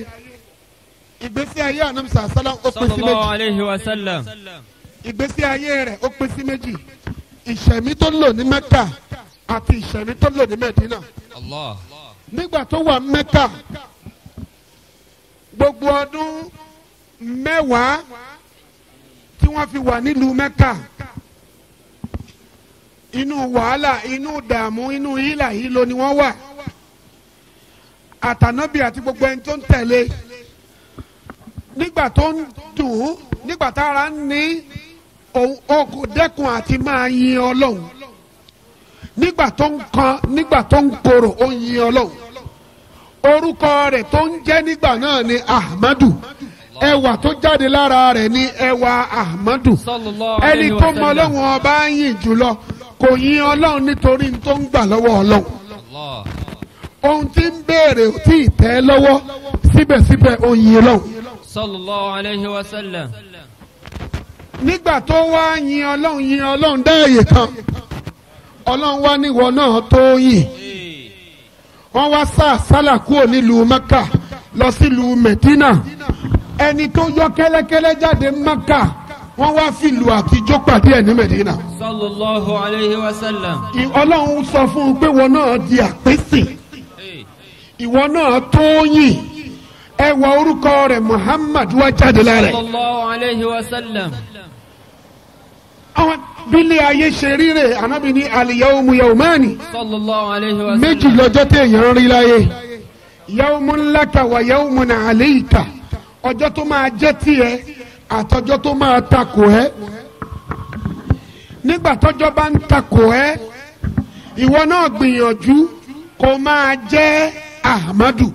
ìgbésí ayé anamsa salam ó pín méjì. sallallahu alayhi wa sallam. ìgbésí ayé rẹ̀ ó pín méjì ìṣẹ̀mí tó lò ní mẹ́kà àti ìṣẹ̀mí tó lò ní mẹ́dínà. Allah. nígbà tó wà mẹ́kà gbogbo ọdún mẹ́wàá tí wọ́n fi wà nílùú mẹ́kà inú wàhálà inú dààmú inú hílà hílo ni wọ́n wà àtànábì àti gbogbo ẹni tó ń tẹ̀lé nígbà tó ń dùn nígbà tára ń ní o kò dẹ́kun àti máa yin ọlọ́run nígbà tó ń kan nígbà tó ń korò ó ń yin ọlọ́run orúkọ rẹ̀ tó ń jẹ́ nígbà náà ni ahmadu ẹwà tó jáde lára rẹ̀ ni ẹwà ahmadu ẹni tó mọ ọlọ́run ọba ń yìn jùlọ kò yin ọlọ́run nítorí tó ń gbà lọ́wọ́ ọlọ́run ohun tí ń béèrè ò tí ì tẹ́ lọ́wọ́ síbẹ̀síbẹ̀ ó yin ọlọ́run. sallallahu alayhi wa sallam. nígbà tó wá yin ọlọ́run yin ọlọ́run dáàyè tán ọlọ́run wá níwọ náà tó yìn wọ́n wá sá sálà kúrò nílùú mẹ́kà lọ sílùú mẹ́dínà ẹni tó yọ kẹ́lẹ́kẹ́lẹ́ jáde mẹ́kà wọ́n wá fìlù àtijọ́ pàdé ẹ̀ ní mẹ́dínà. sallallahu alayhi wa sallam. ọlọ́run sọ fún un pé wọn náà di àpèsè ìwọ náà tó yìn ẹ wọ orúkọ rẹ̀ muhammad wá jáde lára sallallahu alayhi wa sallam. àwọn bílé ayé ṣe ríre anabi ní al-yawmu yawmani. sallallahu alayhi wa sallam. méjì lọ́jọ́ tẹ̀ yàn rí láyé. yawmun laka wa yawmun alayka ọjọ́ tó máa jẹ́ tiẹ̀ àtọjọ́ tó máa takò ẹ́ nígbà tọ́jọ́ bá ń takò ẹ́ ìwọ náà gbìyànjú kó máa jẹ́ ahmadu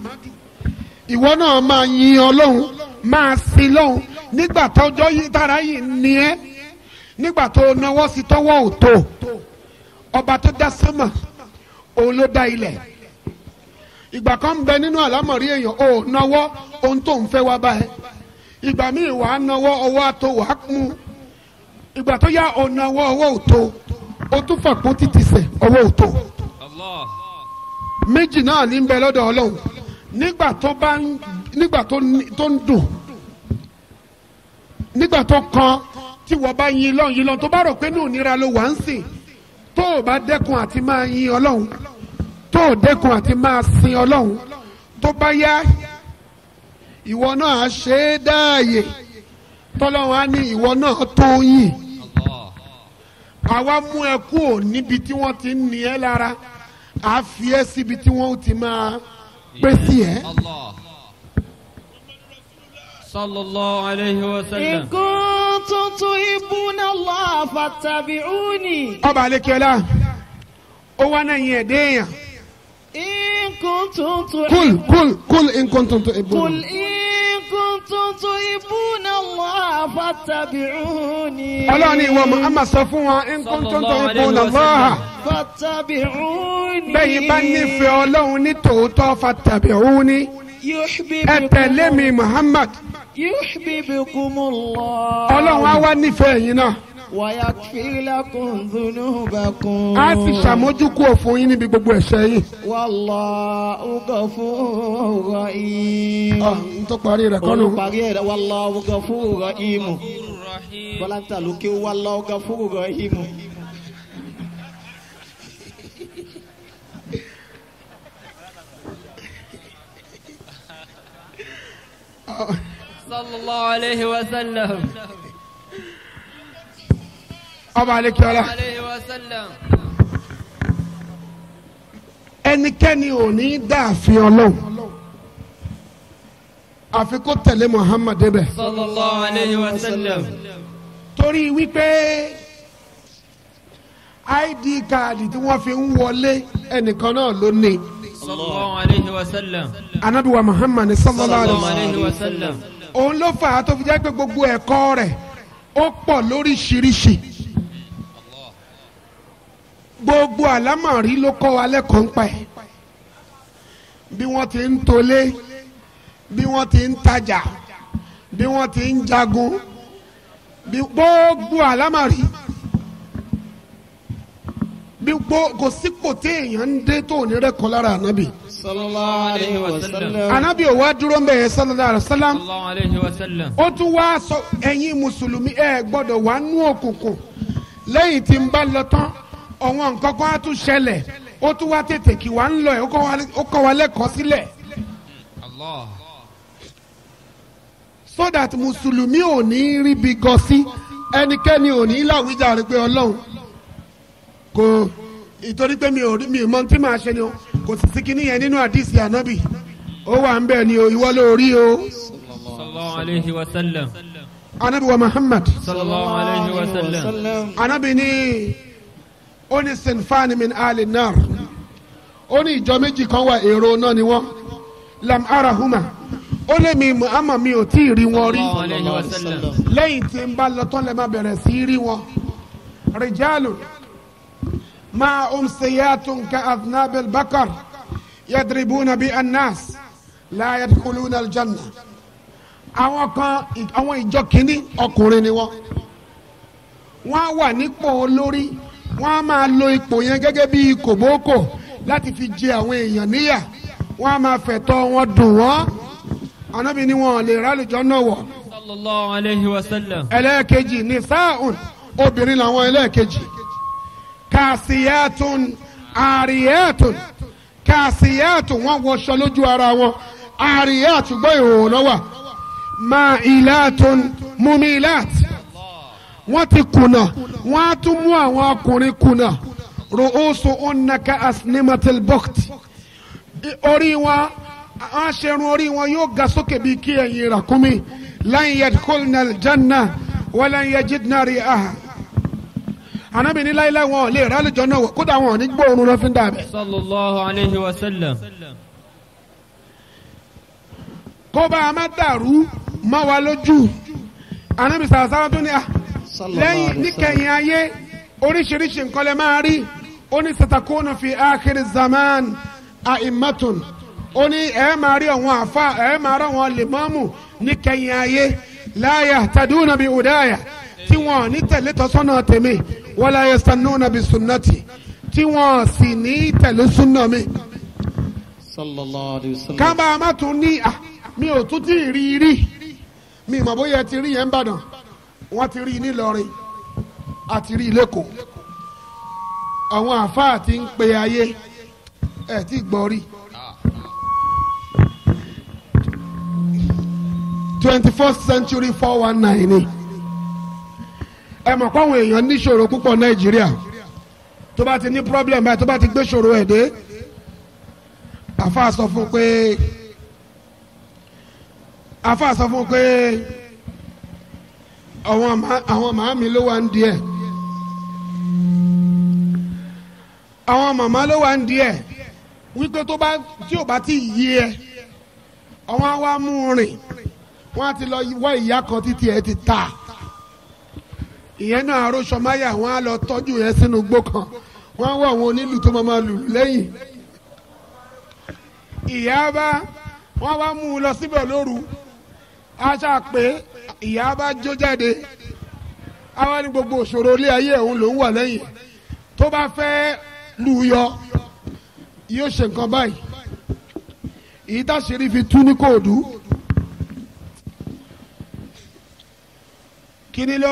ìwọ náà máa yin ọlọ́run máa sin lọ́hùn nígbà tọ́jọ́ yìí tára yìí ni ẹ́ nígbà tó náwó sí tọ́wọ́ ò ọba tó dá sánmà òun ló dá ilẹ̀ ìgbà kan bẹ nínú àlámọ̀rí èèyàn ò náwó ohun tó ń fẹ́ wá báyẹn ìgbà míì wàá náwó ọwọ́ àtò wàá mú ìgbà tó yá ò náwó ọwọ́ ò tó o tún fàpọ̀ títí sẹ̀ ọwọ́ ò méjì náà ní bẹ lọ́dọ̀ ọlọ́run nígbà tó bá nígbà tó ń dùn nígbà tó kan tí wọ́n bá yin lọ́n yin lọ́n tó bá rò pé ní òníra ló wà ń sìn tó o bá dẹ́kun àti máa yin ọlọ́run tó o dẹ́kun àti máa sin ọlọ́run tó bá yá ìwọ náà ṣe é dáàyè tọ́lọ́run á ní ìwọ náà tó yìn àwa mú ẹ kú ò níbi tí wọ́n ti ń ní ẹ lára àá fi ẹ síbi tí wọ́n ti máa pèsè ẹ. صلى الله عليه وسلم. إن كنتم تحبون الله فاتبعوني. ọba عليك يا wá náà yẹn déèyàn. إن كنتم تحبون. قل قل قل إن كنتم تحبون. قل إن كنتم تحبون الله فاتبعوني. ọlọ́ni ìwọ Muhammad sọ إن كنتم تحبون الله. فاتبعوني. bẹ́ẹ̀ yìí bá nífẹ̀ẹ́ ọlọ́run فاتبعوني ẹ tẹ̀lé mi Muhammad ọlọ́run á wá nífẹ̀ẹ́ yín náà. ويغفر لكم ذنوبكم a sì ṣàmójúkú òfò yín níbi gbogbo ẹ̀ṣẹ̀ yín. والله غفور رحيم. Ah, n tó parí rẹ̀ kọ́nù. olú parí rẹ̀ والله غفور رحيم. bọ́lá ń ta lókè والله غفور رحيم. صلى الله عليه وسلم. ọba alekiola ẹnikẹ́ni ò ní dààfin ọlọ́run àfi kó tẹ̀lé muhammad débẹ̀. sallallahu alayhi wa sallam. torí wípé id káàdì tí wọ́n fi ń wọlé ẹnìkan náà ló ní sallallahu alayhi wa muhammad sallallahu alayhi wa sallam. òun ló fà á tó fi jẹ́ gbogbo ẹ̀kọ́ rẹ̀ ó pọ̀ lóríṣiríṣi gbogbo àlámọ̀rí ló kọ́ wa lẹ́kọ̀ọ́ ńpa ẹ̀ bí wọ́n ti ń tolé bí wọ́n ti ń tajà bí wọ́n ti ń jagun gbogbo àlámọ̀rí. dípò kò sípò téèyàn ń dé tó ní rẹ kọ lára ànábì. ànábì ò wá dúró ń bẹ̀ yẹn sallallahu alayhi wa ó tún wá sọ ẹyin mùsùlùmí ẹ gbọdọ wà nú òkùnkùn lẹyìn tí ń bá lọ tán ọ̀wọ́n nǹkan kan á tún ó tún wá tètè kí wà ń lọ ẹ̀ ó kọ́ wa so that mùsùlùmí ò ní ríbi gọ sí ẹnikẹ́ni ò ní láwùjáre pé ọlọ́run kò ìtorí pé mi ò mi mọ tí màá ṣe ni o kò sì sí kíní yẹn nínú àdìsí ànábì ó wà ń bẹ̀ ni o ìwọ ló rí o. anabi wa muhammad. anabi ni ó ní sinfani min ali nar ó ní ìjọ méjì kan wà èrò náà ni wọ́n lam arahuma ó lé mi àmọ́ mi ò tí ì rí wọn rí lẹ́yìn tí n bá lọ tán má bẹ̀rẹ̀ sí í rí wọn rìjálù. مع أمسيات كأذناب البقر يضربون بها الناس لا يدخلون الجنة àwọn kan àwọn ìjọ kìíní ọkùnrin ni wọn wọn wà nípò olórí wọn a máa lo ipò yẹn gẹ́gẹ́ bí kòbókò láti fi jẹ àwọn èèyàn níyà wọn a máa fẹ̀tọ́ wọn dùn wọn anábì ni wọn lè rálùjọ náà wọ. sallallahu alayhi wa sallam. ẹlẹ́ẹ̀kejì ni sáà obìnrin làwọn ẹlẹ́ẹ̀kejì kàṣíyàtún àríyàtún kàṣíyàtún wọ́n wọṣọ lójú ara wọn àríyàtún gbọ́ ìhòòhò lọ́wọ́ ma'ilatun mumilat wọ́n ti kùnà wọ́n á tún mú àwọn ọkùnrin kùnà ru'usu unnaka asnimatil bukht orí wọn aṣerun orí wọn yóò ga sókè bíi kí ẹ̀yìn ràkúnmí lan yadkhulna aljanna wa lan yajidna ri'aha anabi ní láíláí wọn ò lè rálẹ̀ jọ náà wọ̀ kódà wọn ò ní gbóòórùn lọ́ fi ń dàbẹ̀. sallallahu alayhi wa sallam. kó bá a má dàrú má wa lójú anabi sàlásàlá tó ní a ah, lẹ́yìn níkẹyìn ayé oríṣiríṣi nǹkan lè máa rí ó ní fi akhiri zaman aimatun ó ẹ máa rí àwọn àfa ẹ máa rí àwọn lèmọ́mù níkẹyìn ayé la yahtaduna bi tí wọ́n ní tẹ̀lé tọ́sọ́nà tèmi wala yastanuna bi sunnati tí wọ́n sì ní tẹ̀lé súnà mi. sallallahu alayhi wa sallam. kábà má tún ní à mi ò tún tí ì rí i rí mi mọ̀ bóyá ti rí yẹn ń bàdàn wọ́n ti rí i nílọrin àti rí i lẹ́kọ̀ọ́ àwọn àáfàá ti ń pe ayé ẹ̀ tí gbọ́ rí. twenty first century four one nine ni ẹ mọ̀ pé àwọn èèyàn níṣòro púpọ̀ nàìjíríà tó bá ti ní problem báyìí tó bá ti gbé ṣòro ẹ̀ dé àfa sọ fún pé àfa sọ fún pé àwọn màámi ló wà ń di ẹ̀ àwọn màmá ló wà ń di wípé tó bá tí ò bá ti yí ẹ àwọn á wá mú rìn wọ́n á ti lọ wá ìyá kan títí ẹ ti ta ìyẹn náà arósọmáyà wọn á lọ tọ́jú yẹn sínú igbó kan wọn á wọ àwọn onílù tó máa máa lù lẹ́yìn ìyá bá wọn wá mú un lọ síbẹ̀ lóru aṣá pé ìyá bá jó jáde àwa ní gbogbo òṣòro ilé ayé òun ló ń wà lẹ́yìn tó bá fẹ́ lù ú yọ yóò ṣe nǹkan báyìí èyí táṣìírí fi tú ní kóòdù kí ni ló.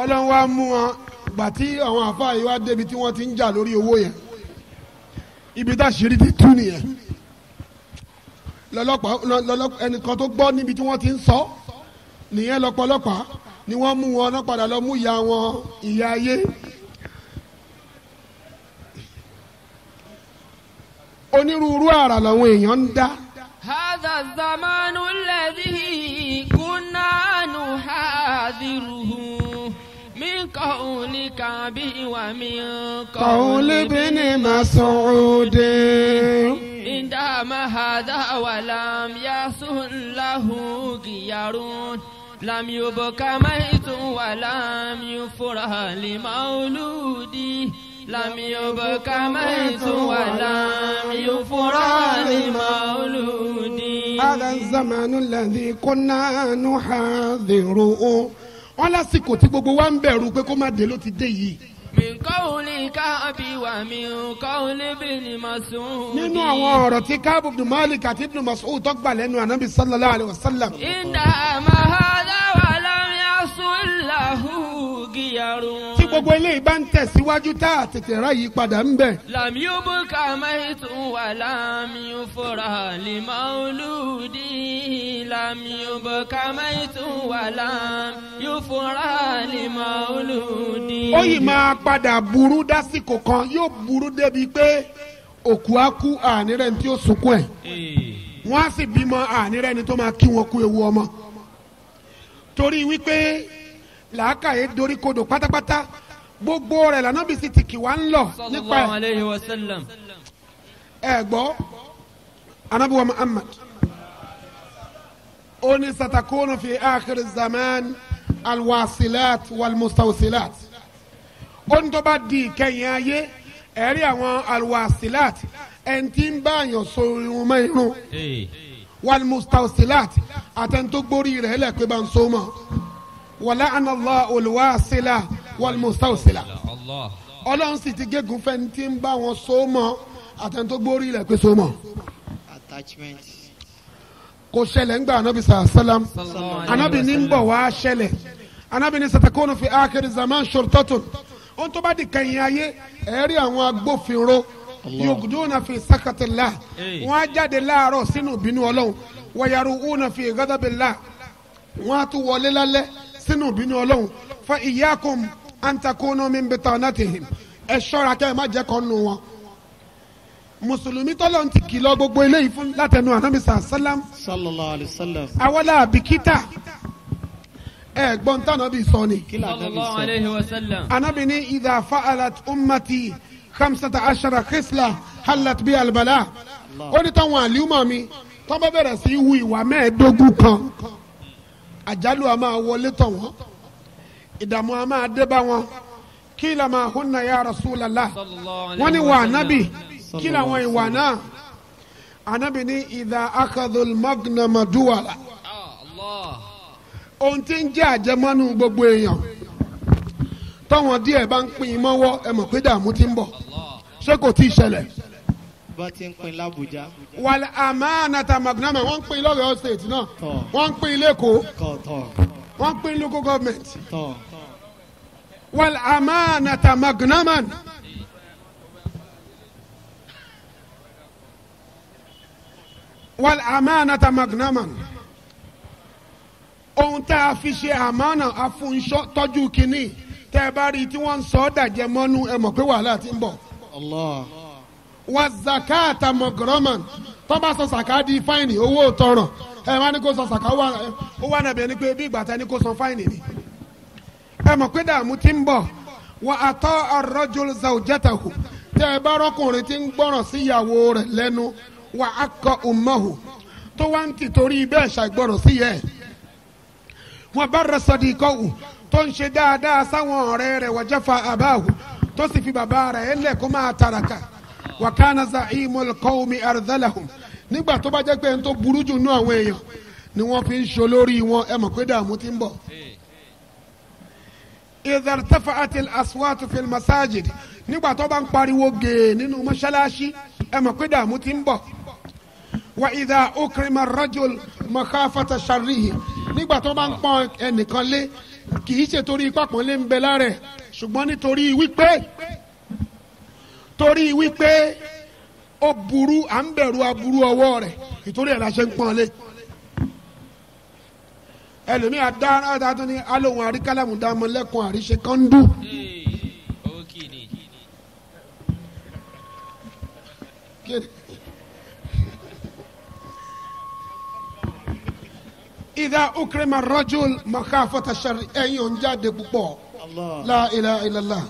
ọlọ́run wa mú wọn gbà tí àwọn àfa yìí wá débi tí wọ́n ti ń jà lórí owó yẹn ibi tá ṣírí ti tú nìyẹn lọ́lọ́pàá ẹnìkan tó gbọ́ níbi tí wọ́n ti ń sọ nìyẹn lọ́pọ̀lọpàá ni wọ́n mú wọn náà lọ mú ìyá wọn ìyá ayé. onírúurú àrà làwọn èèyàn ń dá. هذا الزمان الذي كنا نحاذره قول كعبي ومن قول ابن مسعود عندما هذا ولم يسهل له غير لم يبك ميت ولم يفرح لمولودي لم يبك ميت ولم يفرح لمولودي هذا الزمان الذي كنا نحاذره wọn lásìkò tí gbogbo wa ń bẹ̀rù pé kó má dé ló ti dé yìí. min qawli káàbì wà min qawli ibn Mas'ud. nínú àwọn ọ̀rọ̀ tí káàbù ibn Malik àti ibn Mas'ud tó gbà lẹ́nu anabi sallallahu alayhi wa sallam. inna ma hadha wàlá sùnláhù gíyàrú. tí gbogbo eléyìí bá ń tẹ̀síwájú tá a tètè ráyè padà ń bẹ̀. làmì ó bó ká máa tún wà láàmì ó fọ́ra lè máa olùdí. làmì ó bó ká máa tún wà láàmì ó fọ́ra lè olùdí. ó yìí máa padà burú dásìkò kan yóò burú débi pé òkú á kú ànírẹ́ni tí ó sunkún ẹ̀ eh. wọ́n á sì bímọ ànírẹ́ni tó máa kí wọn kú ewu ọmọ torí wípé làákàyè dorí kodò pátápátá gbogbo rẹ̀ lànà bí sì ti kì wá ń lọ nípa ẹ̀ ẹ̀ gbọ́ anabiwa muhammad ó ní satakuna fi akhir zaman alwasilat walmustawsilat ó ní tó bá di ìkẹyìn ayé ẹ̀rí àwọn alwasilat ẹ̀ ń ń bá àyàn irun mọ́ irun. Hey. Hey walmustawsilat àtẹnudógbórí rẹ̀ lẹ̀ pé bá ń so mọ́ wàlá anàlá olùwàsílà walmustawsila ọlọ́run sì ti gégùn fẹ́ni tí ń bá wọn so mọ́ àtẹnudógbórí rẹ̀ pé so mọ́. kò ṣẹlẹ̀ ńgbà anabi sàlám anabi ní ń bọ̀ wá ṣẹlẹ̀ anabi ní satakunu fi akiri zaman ṣòrtọ́tò ohun tó bá di kẹyìn ayé ẹ̀ẹ́rì àwọn agbófinró yuguduna fi sakatila wọn á jáde láàárọ̀ sínú bínú ọlọ́run wayaruuna fi gadabila wọn á tún wọlé lálẹ́ sínú bínú ọlọ́run fa iyakum antakunu min bitanatihim ẹ ṣọ́ra kẹ́ ẹ má jẹ́ kọ́ nù wọn mùsùlùmí tọ́lọ́n ti kìlọ̀ gbogbo eléyìí fún látẹnu anamisa salam. sallallahu alayhi ẹ gbọ́n tánàbí sọ ni. anabi ni idha fa'alat hamsata ashara khisla halat bi albala ó ní táwọn àlùmọ̀ mi tó bá bẹ̀rẹ̀ sí í hu ìwà mẹ́ẹ̀ẹ́dógún kan àjálù a máa wọlé tọ̀ wọ́n ìdààmú a máa dé bá wọn kí la máa hún na ya rasulallah wọ́n ní wà nábì kí la wọn ìwà náà anabi ní ìdá akadol magnamaduwala ohun tí ń jẹ́ àjẹmọ́nú gbogbo èèyàn tọ́wọ́n díẹ̀ bá ń pín in mọ́wọ́ ẹ mọ̀ pé dààmú ti ń bọ̀ ṣé kò tí ì ṣẹlẹ̀. bá ti ń pín l'Abuja. wàlẹ̀ amánata magnama wọ́n ń pín lọ́yọ̀ state náà wọ́n ń pín lẹ́kọ̀ọ́ wọ́n ń pín local government. wàlẹ̀ amánata magnama. wàlẹ̀ amánata magnama ohun tá a fi ṣe àmánà afúnṣọ tọ́jú kínní tẹ́ ẹ bá rí i tí wọ́n ń sọ ọ́ dàjẹ́ mọ́nú ẹ mọ̀ pé wàhálà ti ń bọ̀. wà zakata mọ̀gọ́rọ́mọ̀n tó bá sọ sàká di fáìnì owó tọrọ ẹ má ní kó sọ sàká ó wà nàbẹ̀ ni pé bí ìgbà ni kó sọ fáìnì ni ẹ mọ̀ pé dààmú ti ń bọ̀ wà á tọ́ ar-rajul ẹ bá ti ń gbọ́ràn sí ìyàwó rẹ̀ lẹ́nu wà á kọ ummahu tó wá ń tì torí bẹ́ẹ̀ ṣàìgbọ́ràn sí yẹ wọ́n bá rẹ̀ sọ̀dí ìkọ́wù tó ń ṣe dáadáa sáwọn ọ̀rẹ́ rẹ̀ wọ́n tó sì fi bàbá rẹ̀ ẹ̀ lẹ̀ kó máa tàràkà wa kana za'imul qawmi ardhalahum nígbà tó bá jẹ́ pé n tó burú jù nú àwọn èèyàn ni wọ́n fi ń ṣolórí wọn ẹ mọ̀ pé dààmú ti ń bọ̀. idhar tafa'atil aswatu fil masajid nígbà tó bá ń pariwo gèè nínú mọ́ṣáláṣí ẹ mọ̀ pé dààmú ti ń bọ̀. wa idha ukrima rajul makhafata sharrihi nígbà tó bá ń pọn ẹnìkan lé kì í ṣe torí ipá pọ́nlé ń bẹ lára ẹ̀ ṣùgbọ́n nítorí wípé torí wípé ó burú à ń bẹ̀rù aburú ọwọ́ rẹ̀ ìtorí ẹ̀ la ṣe ń pọ́n lé ẹlòmíì adára adájọ́ ni alóhùn àríkálàmù dámọ́ lẹ́kùn àríṣe kan ń dùn. ìdá ukrema rajul makafata sari ẹ̀yìn ò ń púpọ̀ la ilaha illallah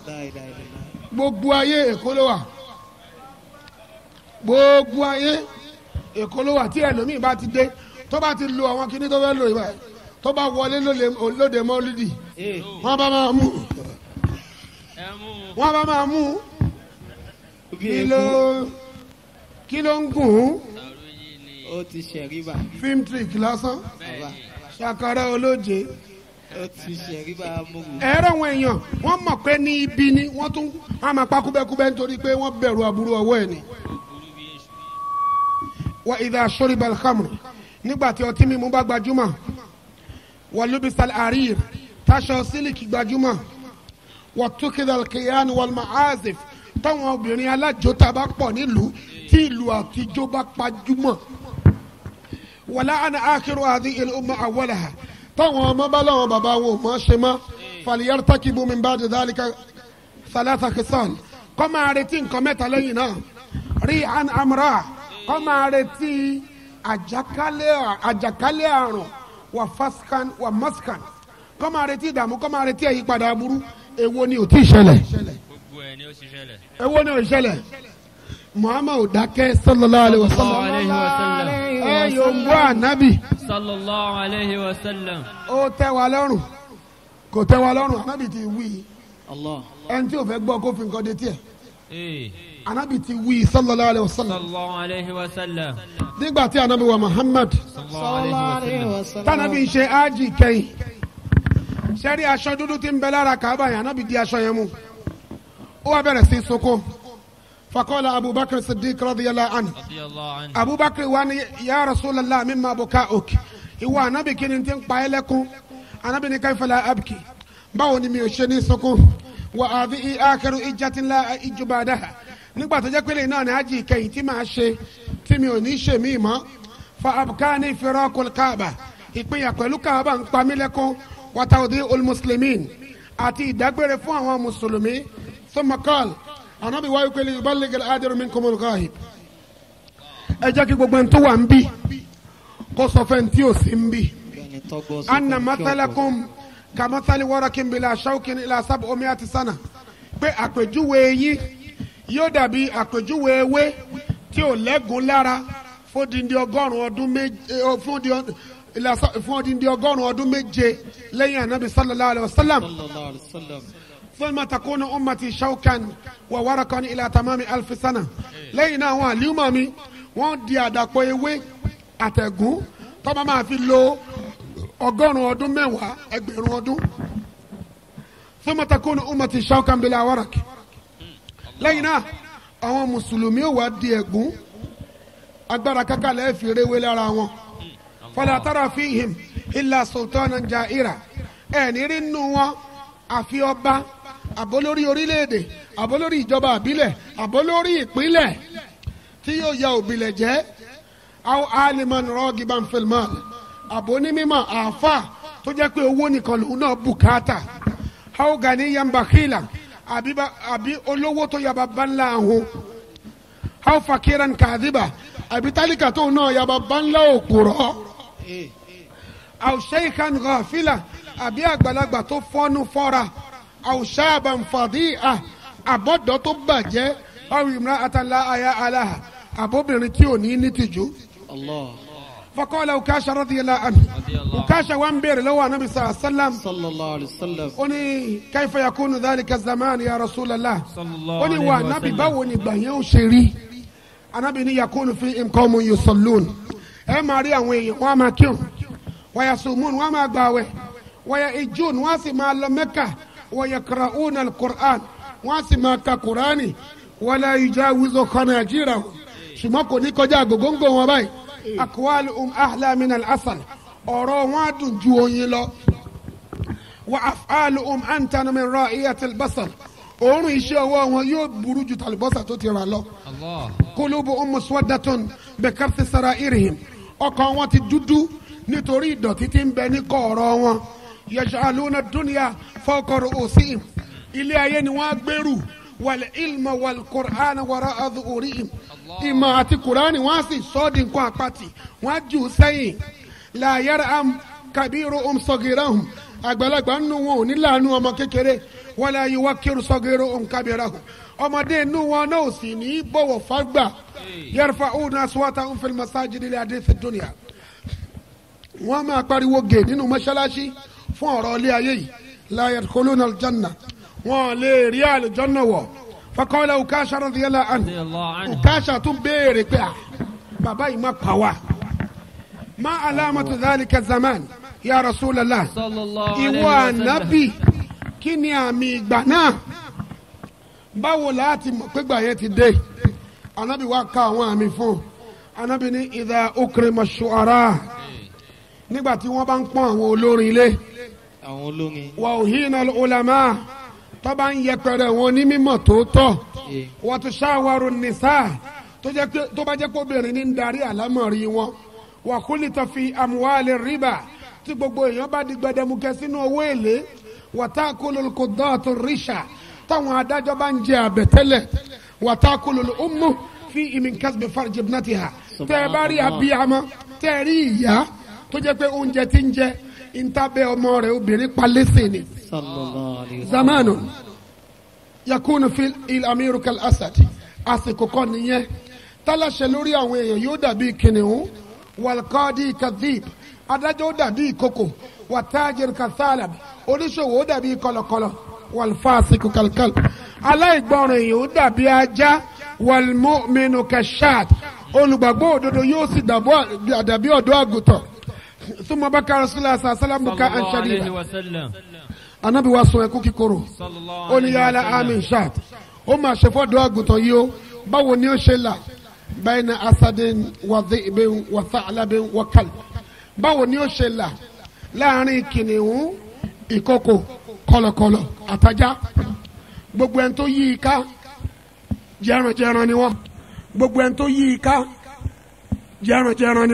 gbogbo ayé èkó ló wà gbogbo ayé èkó ló wà tí ẹlòmíì bá ti dé tó bá ti lo àwọn kinní tó fẹ́ lò yìí báyìí tó bá wọlé lóde mọ́lídì eh. wọ́n bá máa mú wọ́n bá máa mú kí ló kí ló ń gùn ún fíìmù tírìkì lásán ṣàkàrà olóje ẹ̀rọ àwọn èèyàn wọ́n mọ̀ pé ní ibi ni wọ́n tún wọ́n máa pa kúbẹ́kúbẹ́ nítorí pé wọ́n bẹ̀rù aburú ọwọ́ ẹ̀ ni. wa idha shuriba al-khamr nígbà tí ọtí mímu bá gbajúmọ̀ wa lubisa al-arir táṣọ sílìkì gbajúmọ̀ wa tukida al wal-ma'azif táwọn obìnrin alájòta bá pọ̀ nílùú tí ìlú àtijọ́ bá pajúmọ̀ wàlá àna akhiru hadhihi al-umma awwalaha táwọn ọmọ bá láwọn bàbá wọn ò mọ̀ ṣe mọ́ faliyar takibu min bá jẹ dálíkà salasa kisan kọ́ máa retí nǹkan mẹ́ta lẹ́yìn náà rí an amra kọ́ máa retí àjàkálẹ̀ àrùn wà faskan wà maskan kọ́ máa retí ìdààmú kọ́ máa retí ẹ̀yípadà aburú èwo ni ò tí ì ṣẹlẹ̀ èwo ni ò ṣẹlẹ̀ muhammad ò dákẹ́ sallallahu alayhi wa sallam ẹ yòówó ànábì sallallahu alayhi wa sallam ó tẹ́ wa lọ́rùn kò tẹ́ wa lọ́rùn ànábì ti wí ẹni tí ò fẹ́ gbọ́ kó fi nǹkan de tiẹ̀ anabi eh. ti wi sallallahu alayhi wa sallam. sallallahu alayhi wa sallam. nígbà tí anabi wa muhammad. tanabi ṣe aji kẹ́yìn. sẹ́rí aṣọ dúdú ti ń bẹ lára kàábà anabi di aṣọ yẹn mú. ó wá bẹ̀rẹ̀ sí soko. فقال أبو بكر الصديق رضي الله عنه أبو بكر وأنا يا رسول الله مما بكاؤك ìwọ anabi kí ni ti ń pa ẹ́ lẹ́kún anabi ní káfíńlá abki báwo ni mi ò ṣe ní sọkún wà á fi akẹrù ìjàtìlá ìjọba dá nígbà tó jẹ́ pé lẹ́yìn náà ni ájì ìkẹyìn tí màá ṣe tí mi ò ní ṣe mí mọ́ fa abuká ní ìfirọ́kùn káàbà ìpínyà pẹ̀lú káàbà ń pa mí lẹ́kún wàtàwùdí olùmùsùlùmí àti ìdágbére fún àwọn mùsùlùmí sọmọkọ́ọ̀lù anabi wáyé pé yuballigh al-hadiru minkumul ghaib ẹ jẹ́ kí gbogbo ẹni tó wà ń bí kó sọ fẹ́ ní tí ò sí ń bí. anna mathalakum ka mathali warakin bila shawkin ila sab'umiati sana pé àpèjúwe yín yóò dàbí àpèjúwe ewé tí ò lẹ́gùn lára fódìndí ọgọ́rùn-ún ọdún méje eh, oh, fódìndí ọgọ́rùn-ún ọdún méje lẹ́yìn anabi sallallahu alayhi wa sallam. ثم تكون أمتي شوكا وورقا إلى تمام ألف سنة لين هو اليوم wọ́n di àdàpọ̀ ewé àtẹ̀gún tọ́ba máa fi lo ọgọ́rùn-ún ọdún mẹ́wàá ẹgbẹ̀rún ọdún ثم تكون أمتي شوكا بلا ورق lẹ́yìn náà àwọn mùsùlùmí ò wá di ẹ̀gún agbára kankan lẹ́ẹ̀ fi rewé lára wọn fala tara fihim illa sultanan jaira ẹ̀ ní rí nù wọn àfi ọba àbólórí orílẹ̀-èdè àbólórí ìjọba àbílẹ̀ àbólórí ìpínlẹ̀ tí yóò ya òbílẹ̀ jẹ́ àwọn alimọ̀nù rọ́ọ̀gì bá ń fẹ́lmọ́ àbónímọ̀ àáfà tó jẹ́ pé owó nìkan lòun náà bùkátà àwọn gani yambakila àbí olówó tó yaba banla ahun àwọn fakiran kàdíbà àbí tálíkà tó náà yaba banla òkúrọ́ àwọn sheikhan ghafila àbí àgbàlagbà tó fọ́nú fọ́ra àwùsáàbàn fàdí à àbọ̀dọ̀ tó bàjẹ́ ọ̀rìnmọ́ àtàlà àyà aláha àbóbìnrin tí ò ní ní tìjú. fakọ́lá ukasha radiyallahu anhu ukasha wa ń béèrè lọ́wọ́ anabi sallam ó ní kaifa yakunu dhalika zaman ya rasulallah ó ní wa anabi báwo ni gbàyẹn ó ṣe rí anabi ni yakunu fi qawmun yusallun ẹ máa rí àwọn èèyàn wọn á máa kírun wọ́n yà sùnmùn wọn á máa gbàwẹ̀ wọ́n yà ìjùn wọn á sì máa lọ mẹ́kà ويقرؤون القرآن واسما كقرآن ولا يجاوز خناجيره سمكو نيكو جا غونغو وباي أقوالهم أحلى من العسل ọ̀rọ̀ wọn á dùn ju oyin lọ. wa af'aluhum antana min ra'iyatil basar òórùn iṣẹ́ ọwọ́ wọn yóò burú ju tàlùbọ́sà tó ti rà lọ. qulubuhum muswaddatun bikarthi sarairihim ọkàn wọn ti dúdú nítorí ìdọ̀tí tí ń bẹ ní kọ̀ọ̀rọ̀ wọn yaj'aluna dunya fawqa ru'usihim ilé ayé ni wọ́n á gbèrú wàlẹ̀ ilmọ̀ wàlẹ̀ kùránì wàrà adhurihim ìmọ̀ àti kùránì wọ́n á sì sọ́ọ̀dì nǹkan àpàtì wọ́n á jù sẹ́yìn la yarham kabiruhum saghirahum àgbàlagbà nínú wọn ò ní láàánú ọmọ kékeré wala yuwaqqiru saghirahum kabirahum ọmọdé inú wọn náà ò sì ní bọ̀wọ̀ fágbà yarfa'una aswatahum fil masajidi li hadith ad-dunya wọ́n máa pariwo gè nínú mọ́ṣáláṣí fún ọ̀rọ̀ ilé ayé yìí la yadkhuluna aljanna wọn lè rí àlùjọ́nà wọ̀ fakọ́lá ukasha radiyallahu anhu ukasha tún béèrè pé à ah, bàbá yìí má pa wá má alamatu dhalika zaman ya rasulallah ìwọ ànábì kí ni àmì ìgbà náà báwo láti mọ̀ pé gbà yẹn ti dé anabi wa ka àwọn àmì fún anabi ní ìdá okèrè mọ̀ṣọ́ ara nígbà tí wọ́n bá ń pọ́n àwọn olórin ilé àwọn olórin. wà ó hin náà ulama tó bá ń yẹpẹrẹ wọn ní mímọ̀ tòótọ́ wọ́n ti ṣàwárò nìsá tó bá jẹ́ kóbìnrin ní ń darí àlámọ̀rí wọn wà kúlì tó fi àmúwálẹ̀ rìbá tí gbogbo èèyàn bá di gbẹdẹmukẹ sínú owó èlé wàtá kólólùkù dọ́ọ̀tù ríṣà táwọn adájọ́ bá ń jẹ àbẹ̀tẹ́lẹ̀ wàtá kólólù ọmọ fi ìmìnkásbẹ̀ fàrìjìbìnàtì hà tẹ́ bá rí abiyamọ tẹ́ ẹ rí ìyá tó jẹ́ pé oúnjẹ ti ń jẹ ntabẹ ọmọ rẹ obìnrin palẹsẹ ni zamanu yakunu fil ilamiru kal asad àsìkò kan nìyẹn tálàṣẹ lórí àwọn èèyàn yóò dàbí kìnìún walqadi kadhib adájọ́ ó dàbí ìkoko wàtájìr kathalab oníṣòwò ó dàbí kọlọkọlọ walfasiku kalkal aláìgbọràn èèyàn ó dàbí ajá walmu'minu kashad olùgbàgbọ́ òdodo yóò sì dàbí ọ̀dọ́ àgùntàn. ثم بكى رسول الله صلى الله عليه وسلم بكاء شديدا anabi wa sun ẹkún kíkorò ó ní yàrá amin shat ó máa ṣe fọ́dọ̀ àgùntàn yìí ó báwo ni ó ṣe là bẹ́ẹ̀ni asadin wàdí ibin wàtá alábin wàkàl báwo ni ó ṣe là láàrin kìnìún ìkókò kọlọkọlọ àtajá gbogbo ẹni tó yí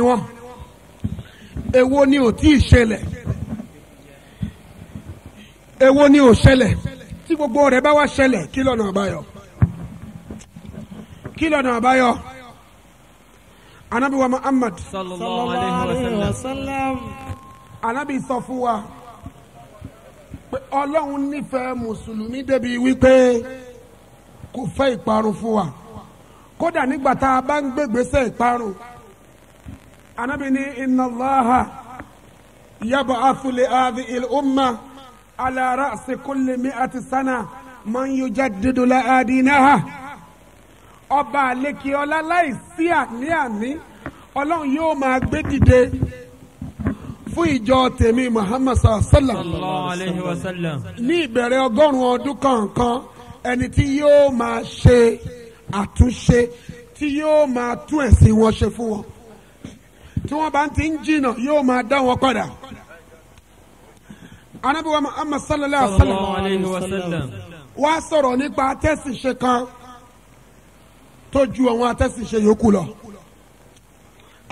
i Ewo ni o ti ì ewo ni o ṣẹlẹ̀ tí gbogbo rẹ̀ bá wá ṣẹlẹ̀ kí lọ́nà àbáyọ kí lọ́nà àbáyọ anabi wa muhammad sallallahu alayhi wa sallam anabi sọ fún wa pé ọlọ́run nífẹ̀ẹ́ mùsùlùmí débi wípé kò fẹ́ ìparun fún wa kódà nígbà tá a bá ń gbégbèsè ìparun. anabi ní inna Allaha yab'athu li hadhihi al-umma ala ra'si kulli mi'ati sana man yujaddidu laha dinaha ọba àlekè ọlá láìsí àní àní ọlọ́run yóò máa gbé dìde fún ìjọ tèmi muhammad sallallahu alayhi sallam ní ìbẹ̀rẹ̀ ọgọ́rùn-ún ọdún kọ̀ọ̀kan ẹni tí yóò máa ṣe àtúnṣe tí yóò máa tún ẹ̀sìn wọn ṣe fún wọn tí wọ́n bá ti ń jìnnà yóò máa dá wọn padà. Ànábì wa Muhammad sallallahu alayhi wa sallam wá sọ̀rọ̀ nípa atẹ́sìnṣe kan tó ju àwọn atẹ́sìnṣe yòókù lọ.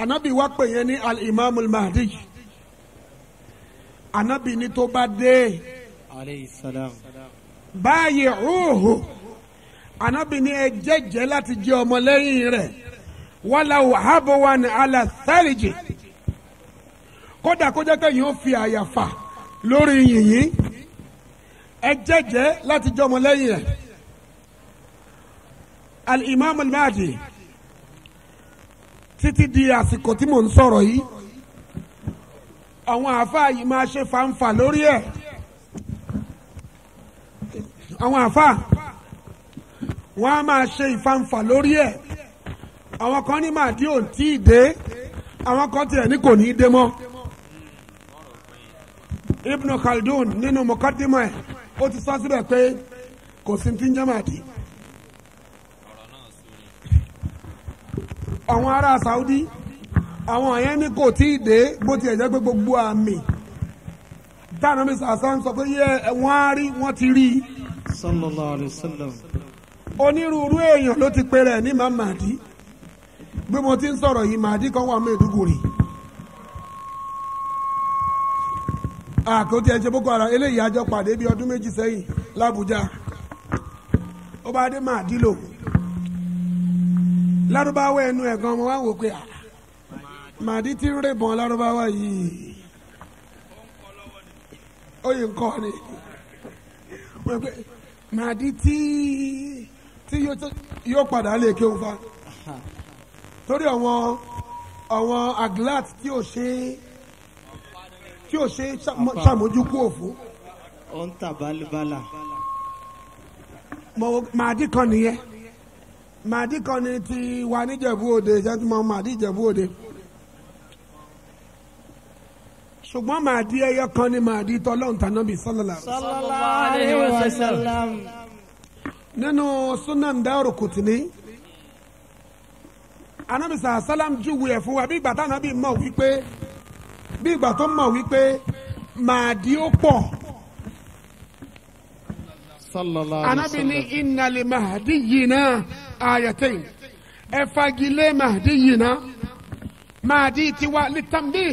Ànábì wa pè yẹn ní al mahdi Ànábì ni tó bá dé. báyìí ruuhu Ànábì ni ẹ jẹ́jẹ́ láti jẹ́ ọmọlẹ́yìn rẹ̀ wàláwù habowan ala thaliji kódà kó jẹ́ pé yìí ó fi àyà fà lórí yìnyín ẹ jẹ́jẹ́ láti jọmọ lẹ́yìn ẹ̀ al-imam al-mahdi títí di àsìkò tí mò ń sọ̀rọ̀ yìí àwọn àáfàá yìí máa ṣe fanfa lórí ẹ̀ àwọn àáfàá wọn á máa ṣe ìfanfa lórí ẹ̀ àwọn kan ní màdí ò tí ì dé àwọn kan tiẹ̀ ní kò ní í dé mọ́ Ibn Khaldun nínú mọ̀kádìmọ̀ ẹ̀ ó ti sọ síbẹ̀ pé kò sí ti ń jẹ́ màdí. àwọn ará Saudi àwọn yẹn ní kò tí ì dé bó tiẹ̀ jẹ́ pé gbogbo àmì táwọn mi sàṣán sọ pé yẹ wọ́n á rí wọ́n ti rí sallallahu alayhi wa sallam. onírúurú èèyàn ló ti pe rẹ̀ ní Imam Mahdi. bí mo ti ń sọ̀rọ̀ yìí màá dín kan wà Maiduguri àkótí ẹ̀ṣẹ̀ boko eléyìí àjọ pàdé bíi ọdún méjì sẹ́yìn làbújá ó bá dé màá dín lò ẹnu wa wò pé ma dị tí ń rèbọn lárúbáwá yìí oye nkọ ni màá torí àwọn àwọn aglat tí ò ṣe tí ò ṣe ṣàmójúkú òfò. ó ń tà bálíbálà. màdí kan nìyẹn màdí kan ni ti wà níjẹ̀bú òde gentleman màdí ìjẹ̀bú òde ṣùgbọ́n màdí ẹyọ kan ni màdí tọ́lọ́hún tànábì sallallahu alaihi wasallam. nínú sunan Daraqutni anamisa salam júwe ẹ̀ fún wa bí ìgbà táwọn bí mọ̀ wípé bí ìgbà tó mọ̀ wípé màdí ó pọ̀. anabi ní ìnàlè màdí yìí náà ayẹtẹ ẹ fagilé màdí yìí náà màdí tiwa litambi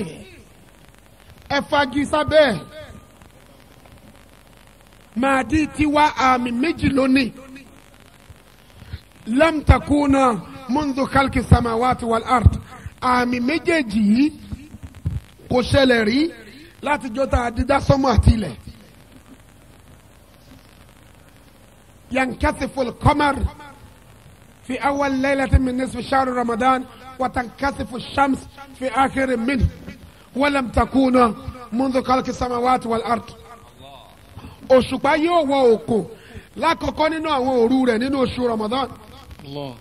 ẹ fagisa bẹ́ẹ̀ màdí tiwa àmì méjì lónìí lamtakuna. منذ khalki samawati والارض، ard àmì méjèèjì yìí kò ṣẹlẹ̀ rí láti jọ́ tá a sọ́mọ́ àti ilẹ̀. ينكسف القمر في أول ليلة من نصف شهر رمضان وتنكسف الشمس في آخر منه ولم تكون منذ خلق السماوات والأرض òṣùpá yóò wọ òkò lákọ̀ọ́kọ́ nínú àwọn òru rẹ̀ nínú oṣù Ramadan. Allah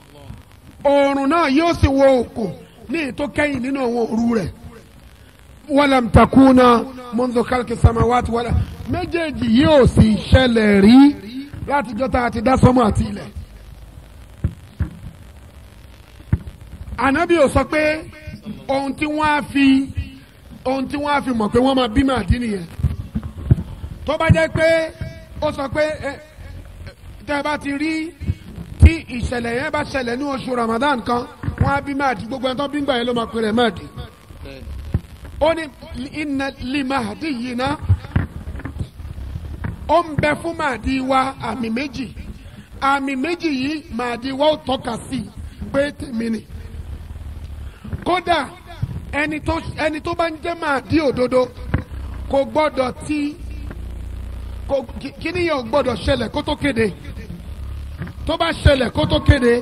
oòrùn náà yóò sì wọ òkò ní ètò kẹ́yìn nínú àwọn òru rẹ̀ walam takuna mundu khalqi samawati wala méjèèjì yóò sì ṣẹlẹ̀ rí látijọ́ tá a ti dá sọ́mọ́ àti ilẹ̀. ànábì ò sọ pé ohun tí wọ́n á fi ohun tí wọ́n á fi mọ̀ pé wọ́n máa bímọ àdín nìyẹn tó bá jẹ́ pé ó sọ pé tẹ́ ẹ bá ti rí tí ìṣẹ̀lẹ̀ yẹn bá ṣẹlẹ̀ ní oṣù Ramadan kan wọ́n á bí Mahdi gbogbo ẹni tó bí ń gbà yẹn ló máa pèrè Mahdi. ó ní inna li mahdiyina ó ń bẹ fún Mahdi wa àmì méjì àmì méjì yìí Mahdi wa ó tọ́ka sí pé tèmi ni kódà ẹni tó bá ń jẹ́ Mahdi òdodo kò gbọ́dọ̀ tí kò kíníyàn gbọ́dọ̀ ṣẹlẹ̀ kó tó kéde tó bá ṣẹlẹ̀ kó tó kéde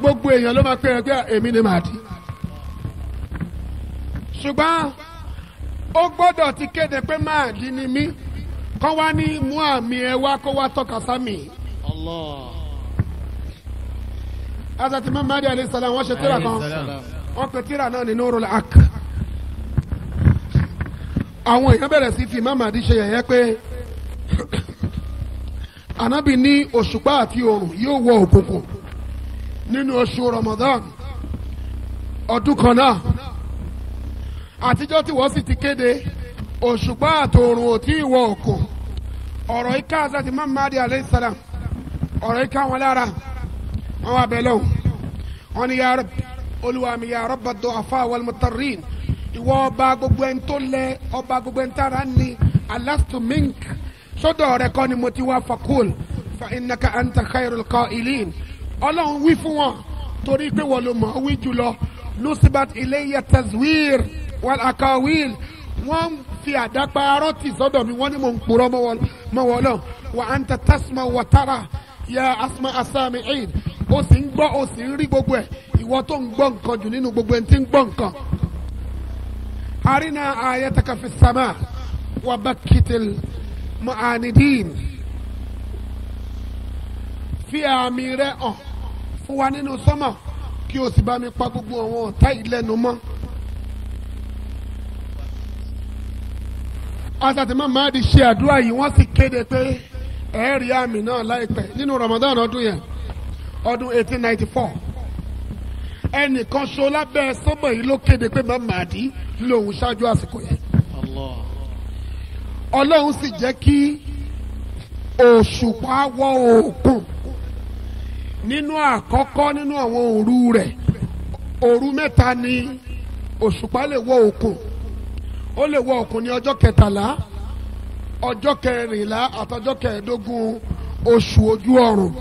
gbogbo èèyàn ló máa pè é pé èmi ni Mahdi ṣùgbọ́n ó gbọ́dọ̀ ti kéde pé Mahdi ni mí kọ́ wá ní mú àmì ẹ wá kó wá tọ́ka sámi. azati Mahdi alayhi salam wọ́n ṣe tíra kan wọ́n pe tíra náà ní Nurul Haq àwọn èèyàn bẹ̀rẹ̀ sí fi Mahdi ṣe yẹ̀yẹ́ pé anabi ní òṣùpá àti oòrùn yóò wọ òkùnkùn nínú oṣù Ramadan ọdún kan náà àtijọ́ tí wọ́n sì ti kéde òṣùpá àtòòrùn ò tí ì wọ òkùn ọ̀rọ̀ ika azati mamadi alayhi salam ọ̀rọ̀ ika wọn lára wọn wà bẹ́ẹ̀ lọ́wọ́ wọn ni ya Rabbi olúwa mi ya Rabba du'afa wal mutarrin ìwọ ọba gbogbo ẹni tó lẹ ọba gbogbo ẹni tára ni alastu mink sọ́dọ̀ rẹ kọ́ ni mo ti wá fakul fa innaka anta khairul qailin ọlọ́run wí fún wọn torí pé wọ́n ló mọ̀ ọ́ wí jùlọ nusibat ilayya tazwir wal akawil wọ́n ń fi àdápa arọ́tì sọ́dọ̀ mi wọ́n ní mò ń purọ́ mọ́ wọn lọ wa anta tasma wa ya asma asami'in ó sì ń gbọ́ ó sì ń rí gbogbo ẹ̀ ìwọ tó ń gbọ́ nǹkan jù nínú gbogbo ẹni tí ń gbọ́ nǹkan. arina ayataka fi sama wa bakitil mọ̀ánidín fi àmì rẹ hàn fún wa nínú sọ́mà kí o sì bá mi pa gbogbo àwọn ọ̀tá ìlẹ́nu mọ́. asàtìmọ́ Mahdi ṣe àdúrà yìí wọ́n sì kéde pé ẹ̀ẹ́rì àmì náà láìpẹ́ nínú Ramadan ọdún yẹn ọdún 1894 ẹnìkan ṣo lábẹ́ sọ́mọ̀ yìí ló kéde pé Mahdi lòun ṣáájú àsìkò yẹn ọlọ́run sì jẹ́ kí òṣùpá wọ òògùn nínú àkọ́kọ́ nínú àwọn òru rẹ̀ òru mẹ́ta ni òṣùpá lè wọ òògùn ó lè wọ òògùn ní ọjọ́ kẹtàlá ọjọ́ kẹrìnlá àtọjọ́ kẹẹ̀ẹ́dógún oṣù ojú ọ̀run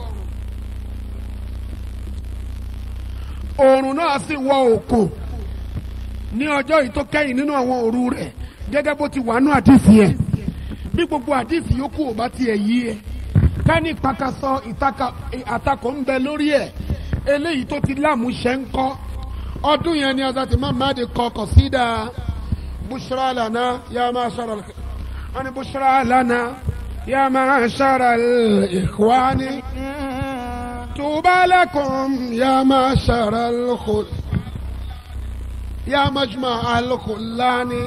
oòrùn náà sì wọ òògùn ní ọjọ́ yìí tó kẹ́yìn nínú àwọn òru rẹ̀ gẹ́gẹ́ bó ti wà nú àdìsí yẹn bí gbogbo àdìsí yòókù ò bá tiẹ̀ yí ẹ ká ní ìpakasọ àtakò ń bẹ lórí ẹ eléyìí tó ti láàmúṣẹ ń kọ́ ọdún yẹn ni azati mamadi kọ kọsídà bushra lana ya ma ṣara wọn ni bushra lana ya ma ṣara ikhwani tubalakum ya ma ṣara alkhul ya majma alkhulani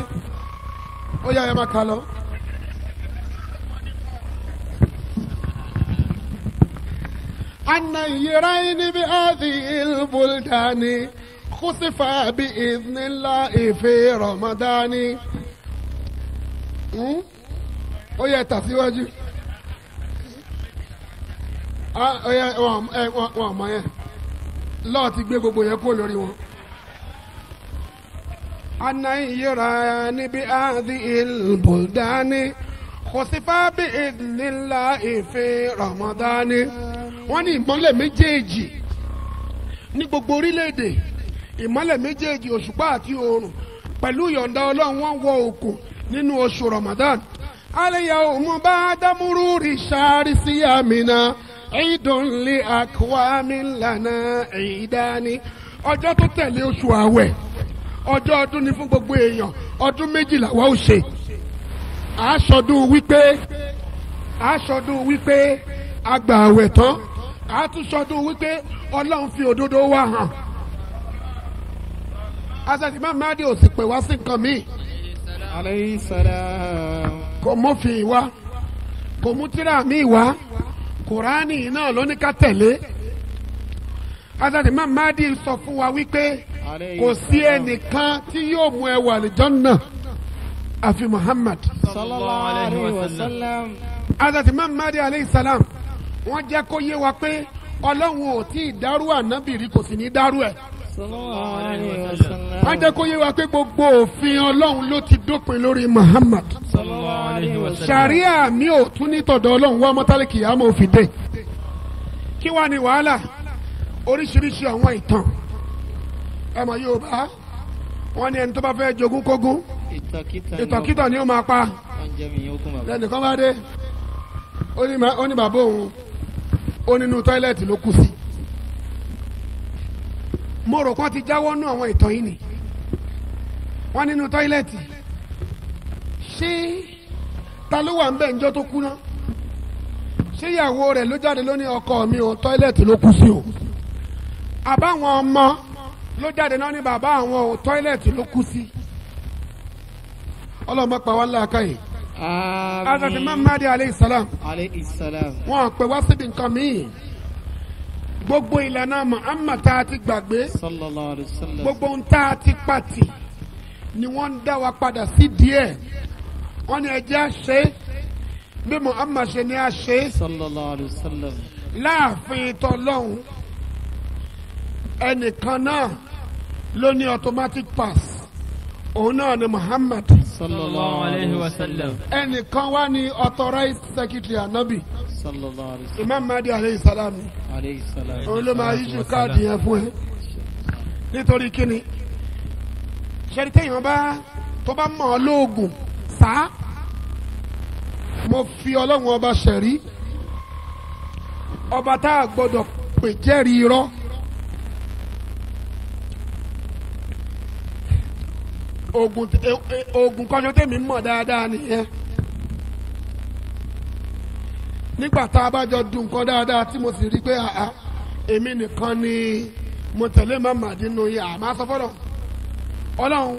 ó yà ya ma kà lọ. النيرين بهذه البلدان خسفا بإذن الله في رمضان ó yẹ tàsíwájú ó yẹ wọn àmọ́ yẹn lọ́ọ̀ ti gbé gbogbo yẹn kó lórí wọn. أن يرى بهذه البلدان kọsífà bí Nila ìfẹ́ ramadani wọ́n ní ìmọ́lẹ̀ méjèèjì ní gbogbo orílẹ̀-èdè ìmọ́lẹ̀ méjèèjì òṣùpá àti oòrùn pẹ̀lú yọ̀ǹda ọlọ́run wọ́n wọ òkò nínú oṣù ramadan. àlẹyà òun bá dámúrú rí sáré sí àmìnà ìdùnlé àkọ́wámi lànà ìdání ọjọ́ tó tẹ̀lé oṣù àwẹ̀ ọjọ́ ọdún ni fún gbogbo èèyàn ọdún méjìlá wa ó ṣe àásọdún wípé àásọdún wípé àgbà àwẹ̀ tán àtúnṣọdún wípé ọlọ́run fi òdodo wa hàn asasi máa má di òsì pè wá sí nǹkan míì kò mọ́fìn wá kò mú tíra mi wá kùránì náà ló ní ká tẹ̀lé asasi máa má di sọ fún wa wípé kò sí ẹnìkan tí yóò mú ẹwà àlùjọ náà àfi Muhammad. sallallahu alayhi wa sallam. azati mamadi alayhi salam wọ́n jẹ́ kó yé wa pé ọlọ́run ò tí ì dárú ànábìrì kò sì ní dárú ẹ̀. sallallahu alayhi wa sallam. wọ́n jẹ́ kó yé wa pé gbogbo òfin ọlọ́run ló ti dópin lórí Muhammad. sallallahu alayhi wa sallam. sàríà mi ò tún ní tọ̀dọ̀ ọlọ́run wá mọ́tálíkì àmọ́ òfin dé. kí wàá ní wàhálà oríṣiríṣi àwọn ìtàn ẹ̀mọ̀ Yorùbá wọ́n ní ẹni tó bá fẹ́ jogún kógún ìtọ̀kítọ̀ ni ó máa pa lẹ́nìkan bá dé ó ní bàbá òun ó nínú tọ́ílẹ̀tì ló kú sí mo rò kán ti jáwọ́ nú àwọn ìtàn yìí ni wọ́n nínú tọ́ílẹ̀tì ṣé ta ló wà ń bẹ̀ ńjọ́ tó kú náà ṣé ìyàwó rẹ̀ ló jáde lóní ọkọ mi ò tọ́ílẹ̀tì ló kú sí o àbáwọn ọmọ ló jáde náà ní bàbá àwọn ò tọ́ílẹ̀tì ló kú sí ọlọ́mọ pa wá láàká yìí. azati mamadi aleyhi salam. aleyhi salam. wọn pè wá síbi nǹkan míì gbogbo ìlànà muhammad tá a ti gbàgbé. sallallahu alayhi wa sallam. gbogbo ohun tá a ti pàtì ni wọ́n ń dá wa padà sí díẹ̀ wọ́n ní ẹjẹ́ ṣe bí muhammad ṣe ní a ṣe. sallallahu alayhi wa sallam. láàfin tọ́lọ́hún ẹnìkan náà ló ní automatic pass òun náà ni muhammad sallallahu alayhi wa sallam. ẹnìkan wá ní authorized secretary anabi sallallahu alayhi wa sallam. imam mahdi aleyhi salami. aleyhi salami. òun ló máa yíjú káàdì yẹn fún ẹ. nítorí kíni ṣẹ́ni téèyàn bá tó bá mọ̀ ọ́ lóògùn sá mo fi ọlọ́run ọba ṣẹ̀rí ọba tá a gbọ́dọ̀ pè jẹ́rìí irọ́. Ogun, eh, eh, Ogun, kan ṣo tèmi dáadáa nìyẹn nígbà tá a bá jọ dùn nǹkan dáadáa tí mo sì rí pé àá ah, ah, èmi nìkan ni mo tẹ̀lé màmá dínú yìí àmọ́ sọ fọ́dọ̀ ọlọ́run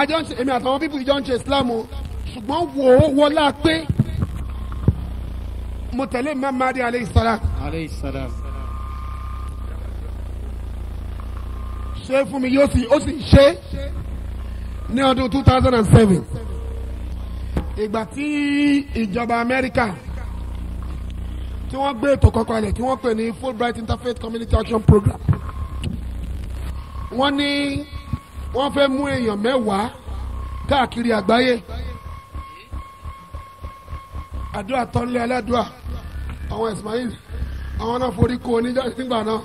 àjọ èmi àtàwọn pípù ìjọ ń ṣe Islam o ṣùgbọ́n wò ó wọlá pé mo tẹ̀lé màmá dín aleyhi salam. aleyhi salam. ṣé fún mi yóò sì ṣe ní ọdún 2007. thousand and seven ìgbà tí ìjọba Amẹ́ríkà tí wọ́n gbé ètò kọ́kọ́ rẹ̀ tí wọ́n pè ní Fulbright Interfaith Community Action Program wọ́n ní wọ́n fẹ́ mú èèyàn mẹ́wàá káàkiri àgbáyé àdúrà tọ́lé aládùá àwọn Ismail àwọn náà forí kó oníjà nígbà náà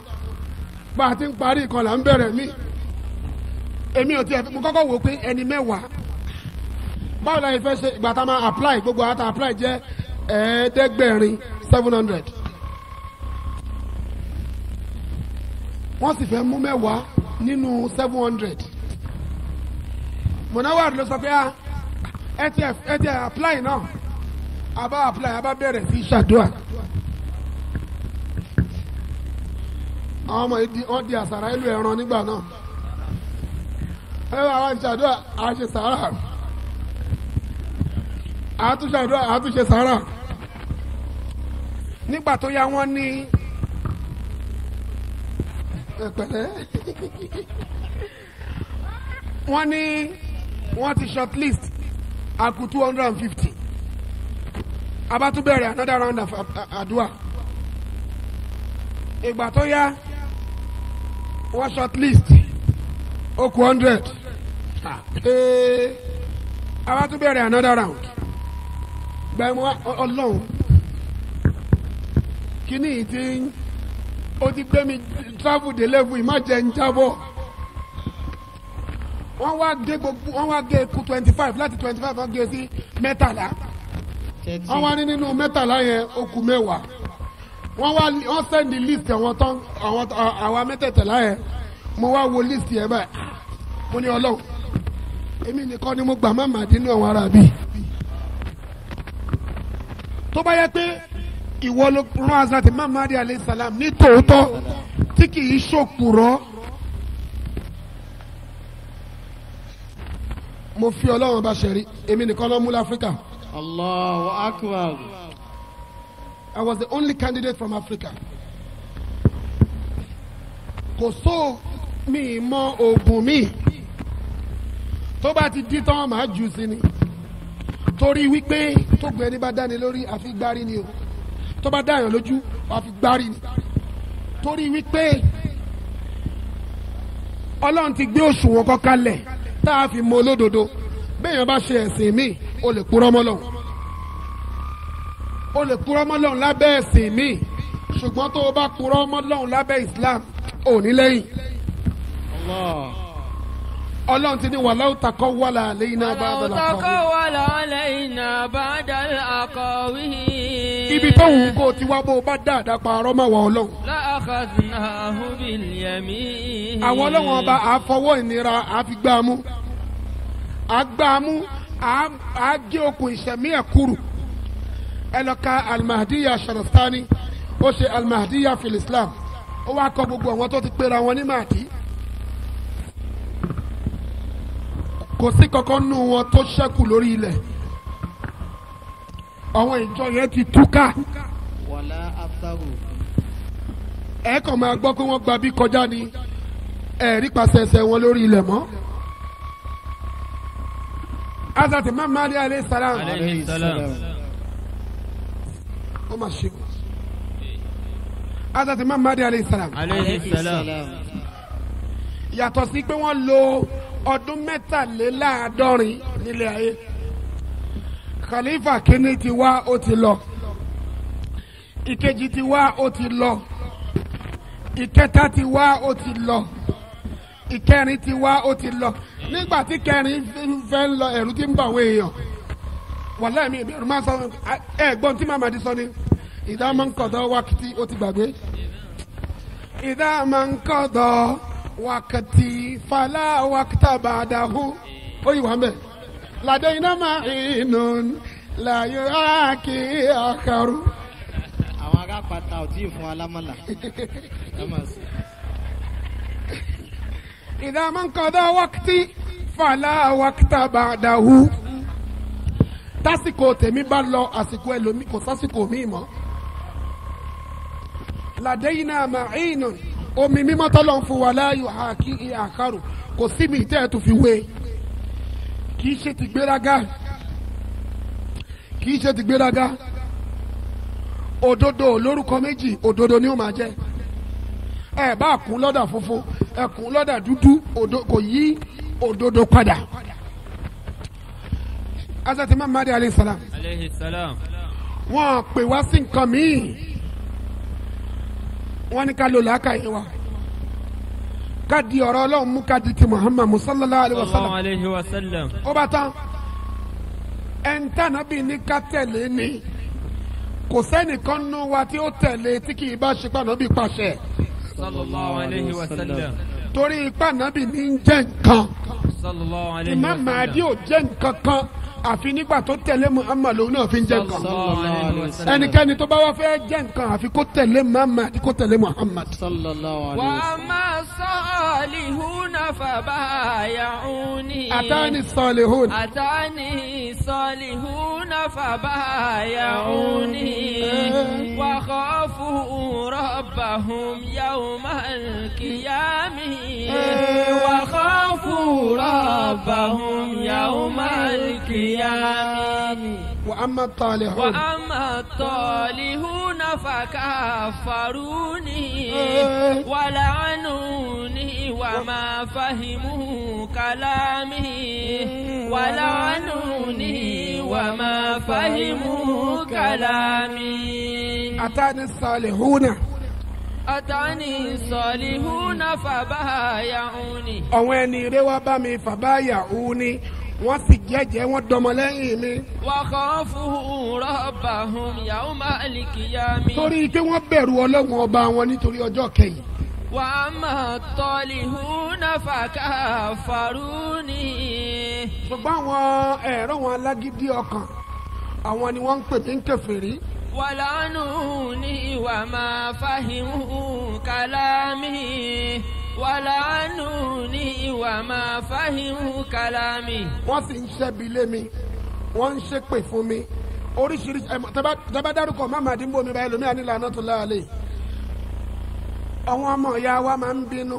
bá a ti ń parí ìkọlà ń bẹ̀rẹ̀ míì èmi ò tiẹ̀ mo kọ́kọ́ wò pé ẹni mẹ́wàá báwo la yẹ fẹ́ ṣe ìgbà tá a máa apply gbogbo àwọn tá apply jẹ́ ẹ̀ẹ́dẹ́gbẹ̀rin seven hundred wọ́n sì fẹ́ mú mẹ́wàá nínú seven hundred monawari ló sọ pé ah, ẹ ti ẹ ti apply náà a bá apply a bá bẹ̀rẹ̀ sí ṣàdúrà àwọn ọmọ yìí di àṣàrà ìlú ẹran nígbà náà ẹ wà wá ṣàdúrà àṣẹ sàárà àtúnṣàdúrà àtúnṣe sàárà nígbà tó yá wọn ní pẹ̀lẹ́ wọ́n ní wọ́n ti shortlist àkú two hundred and fifty abatúbẹ̀rẹ̀ another round of àdúrà ìgbà tó yá wọ́n shortlist ó kù hundred. Ah, ee eh, àwa tún bẹ̀rẹ̀ another round gbẹ̀mú ọlọ́run kíní yìí ti ń ó ti gbé mi travel de level yìí má jẹ́ ń jábọ̀ wọ́n wá gé gbogbo wọ́n wá gé ku twenty five láti twenty five wọ́n gé sí mẹ́tàlá wọ́n wá ní nínú mẹ́tàlá yẹn ó kù mẹ́wàá wọ́n wá wọ́n sẹ́ndì list àwọn tán àwọn àwa mẹ́tẹ̀ẹ̀tẹ̀lá yẹn mo wá wo list yẹn báyìí ah, mo ní ọlọ́run èmi nìkan ni mo gbà má màdí ní àwọn ará bí. tó bá yẹ pé ìwọ ló rán Hazrat Muhammad alayhi salam ní tòótọ́ tí kì í ṣòkùrọ́. mo fi ọlọ́run bá ṣẹ̀rí èmi nìkan ló mú láfíríkà. Allahu Akbar. I was the only candidate from Africa. kò sóò mi mọ oògùn mi tó bá ti dí tán màá jù sí ni torí wípé tó gbé ẹni bá dáni lórí àfi gbárí ni o tó bá dáyàn lójú àfi gbárí ni torí wípé ọlọ́run ti gbé òṣùwọ̀n kan tá a fi mọ olódodo béèyàn bá ṣe ẹ̀sìn míì o lè purọ́ mọ́ lọ́hùn o lè purọ́ mọ́ lọ́hùn lábẹ́ ẹ̀sìn míì ṣùgbọ́n tó o bá purọ́ mọ́ lọ́hùn lábẹ́ Islam ò ní lẹ́yìn. Allah ọlọ́run ti ní wàláwù takọ́ wàlà àlẹ́yìn náà bá dàlà kọ́wé. wàláwù takọ́ wàlà àlẹ́yìn náà bá dàlà kọ́wé. ibi tó wù kó o ti wá bó o bá dáadáa pààrọ̀ máa wà ọlọ́run. láàkàtúnà hubil àwọn ọlọ́run ọba àfọwọ́ ìnira àfigbámú àgbámú àgé okùn ìṣẹ̀mí ẹ̀kúrù ẹ alimahdiya sharastani ó ṣe alimahdiya filislam ó wá kọ gbogbo àwọn tó ti pera wọn ní màdí. kò sí kankan nù wọn tó ṣẹ́kù lórí ilẹ̀ àwọn ìjọ yẹn ti túká. wàlá aftaru. ẹ kàn máa gbọ́ pé wọ́n gba bí kọjá ni ẹ̀rí pàṣẹṣẹ wọn lórí ilẹ̀ mọ́. azati mamadi alayhi salam. alayhi salam. ó mà ṣe wọ́n azati mamadi alayhi salam. yàtọ̀ sí pé wọ́n lo ọdún mẹ́tàléláàádọ́rin nílé ayé khalifa kínní ti wá ó ti lọ ìkejì ti wá ó ti lọ ìkẹta ti wá ó ti lọ ìkẹrin ti wá ó ti lọ nígbà tí kẹrin fẹ́ ń lọ ẹ̀rù ti ń bà wọ èèyàn wàláhì mi ìbẹ̀rù máa sọ ẹ̀gbọ́n tí màmá di sọ ni ìdá máa ń kọ̀dọ̀ wákìtì ó ti gbàgbé ìdá máa ń kọ̀dọ̀ wákàtí fala wákàtà bàdàhù ó yìí wà mẹ́. làdé iná máa inú láyé ákì àkàrú. àwọn ará pata ò tí ì fún alámọ̀là. ìdá máa ń kọ́dọ̀ wákàtí fàlà tásìkò tèmi bá lọ àsìkò ẹlòmí sásìkò mi mọ́. làdé iná máa inú omi mímọ́ tọ́lọ̀ ń fún wa láàyò àkí àkàrò kò sí mi tẹ́ ẹ tó fi wé kì í ṣe ti gbéraga kì í ṣe ti gbéraga òdodo lórúkọ méjì òdodo ni ó máa jẹ ẹ bá kún lọ́dà funfun ẹ kún lọ́dà dúdú kò yí òdodo padà asati mamadi alayhi salam. alayhi salam. wọ́n pè wá sí nǹkan míì wọ́n ní ká lò lákàyè wa ká di ọ̀rọ̀ ọlọ́run mú ká di ti muhammadu sallallahu alayhi wa sallam ó bá tán ẹ̀ńtànà bíi ká tẹ̀lé ni kò sẹ́nìkan nú wa tí ó tẹ̀lé tí kì í bá ṣe pànàbí pàṣẹ. torí pànàbí ní jẹ́ nǹkan. sallallahu alayhi ò jẹ́ nǹkan kan àfi nígbà tó tẹ̀lé Muhammad lòun náà fi ń jẹ́ nǹkan ẹnikẹ́ni tó bá wá fẹ́ jẹ́ nǹkan àfi kó tẹ̀lé mama àti kó tẹ̀lé Muhammad. wà á máa sọ́ọ̀lì húnà fàbá yàrún àtàní sọ́ọ̀lì húnà. àtàní sọ́ọ̀lì húnà fàbá yàrún wà á kọ́ fún rọ́bàhùn yàwùmá kìyàmì. wà á kọ́ fún rọ́bàhùn yàwùmá kìyàmì. الخيام وأما الطالحون وأما الطالحون فكفروني ولعنوني وما فهموا كلامي ولعنوني وما فهموا كلامي أتاني الصالحون أتاني sọlihuna fabayauni. àwọn ẹni rẹ wá wọ́n sì jẹ́jẹ́ wọ́n dọmọlẹ́yìn mi. wàhán fún rọ́bà hùn yàwó máa lè kíyà mi. torí pé wọ́n bẹ̀rù ọlọ́run ọba wọn nítorí ọjọ́ kẹyìn. wà á máa tọ́lì húnà fàrúnì. ṣùgbọ́n àwọn ẹ̀rọ wọn alágídí ọkàn àwọn ni wọ́n ń pè mí ń kèfèrí. wàlánù ni ìwà máa fàhìmù kàlámì wàlàánù ni ìwà máa fáhìmù kàlámì. wọ́n sì ń ṣẹ́bi lé mi wọ́n ń ṣépè fún mi oríṣiríṣi ẹ̀mọ́ tẹ́bá dárúkọ mamadi ń bomi báyìí lómi ànílà náà tó láàlẹ́ àwọn ọmọ ìyá wa máa ń bínú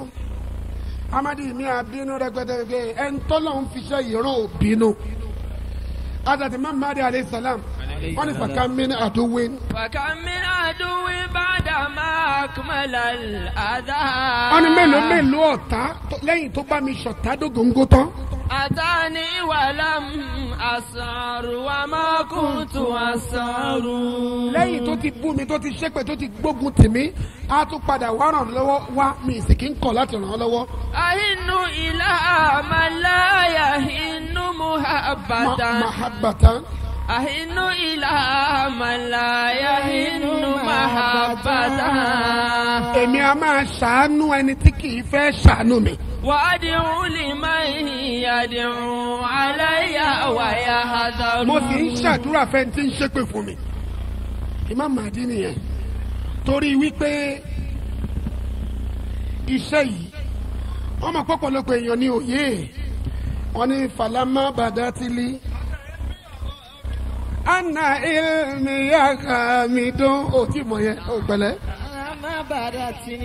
amadi mi à bínú rẹpẹtẹ pé ẹn tọ́lọ́ ń fiṣẹ́ ìrún òbínú azàtì mamadi alayhi salam wọ́n ní fàkà mìíní àdúwé. fàkà mìíní àdúwé bàdà máa kúmọ̀lá àdá. wọ́n ní mélòó mélòó ọ̀tá lẹ́yìn tó bá mi ṣọ̀tá dógóńgó tán. àtàní wàlám àsàrù wà máa kún tù àsàrù. lẹ́yìn tó ti bú mi tó ti ṣépè tó ti gbógun tèmi á tún padà wá ràn mi ìsìnkí ń kọ̀ láti ràn án lọ́wọ́. àhínú ìlà àmàláyà inú أهن Ila Mala, لا يهن Èmi a máa ṣàánú ẹni tí kì í fẹ́ ṣàánú mi. وأدعو لمن يدعو علي ويحذر. Mo sì ń ṣàdúrà fẹ́ tí ń ṣépè fún mi. Imam Mahdi nìyẹn. Torí wípé iṣẹ́ yìí, wọ́n mọ̀ pọ́pọ̀lọpọ̀ èèyàn ní òye. Wọ́n ní Fàlámà ana ilmi ya kami dun o ti mọ yẹn o pẹ̀lẹ́. ana bada ti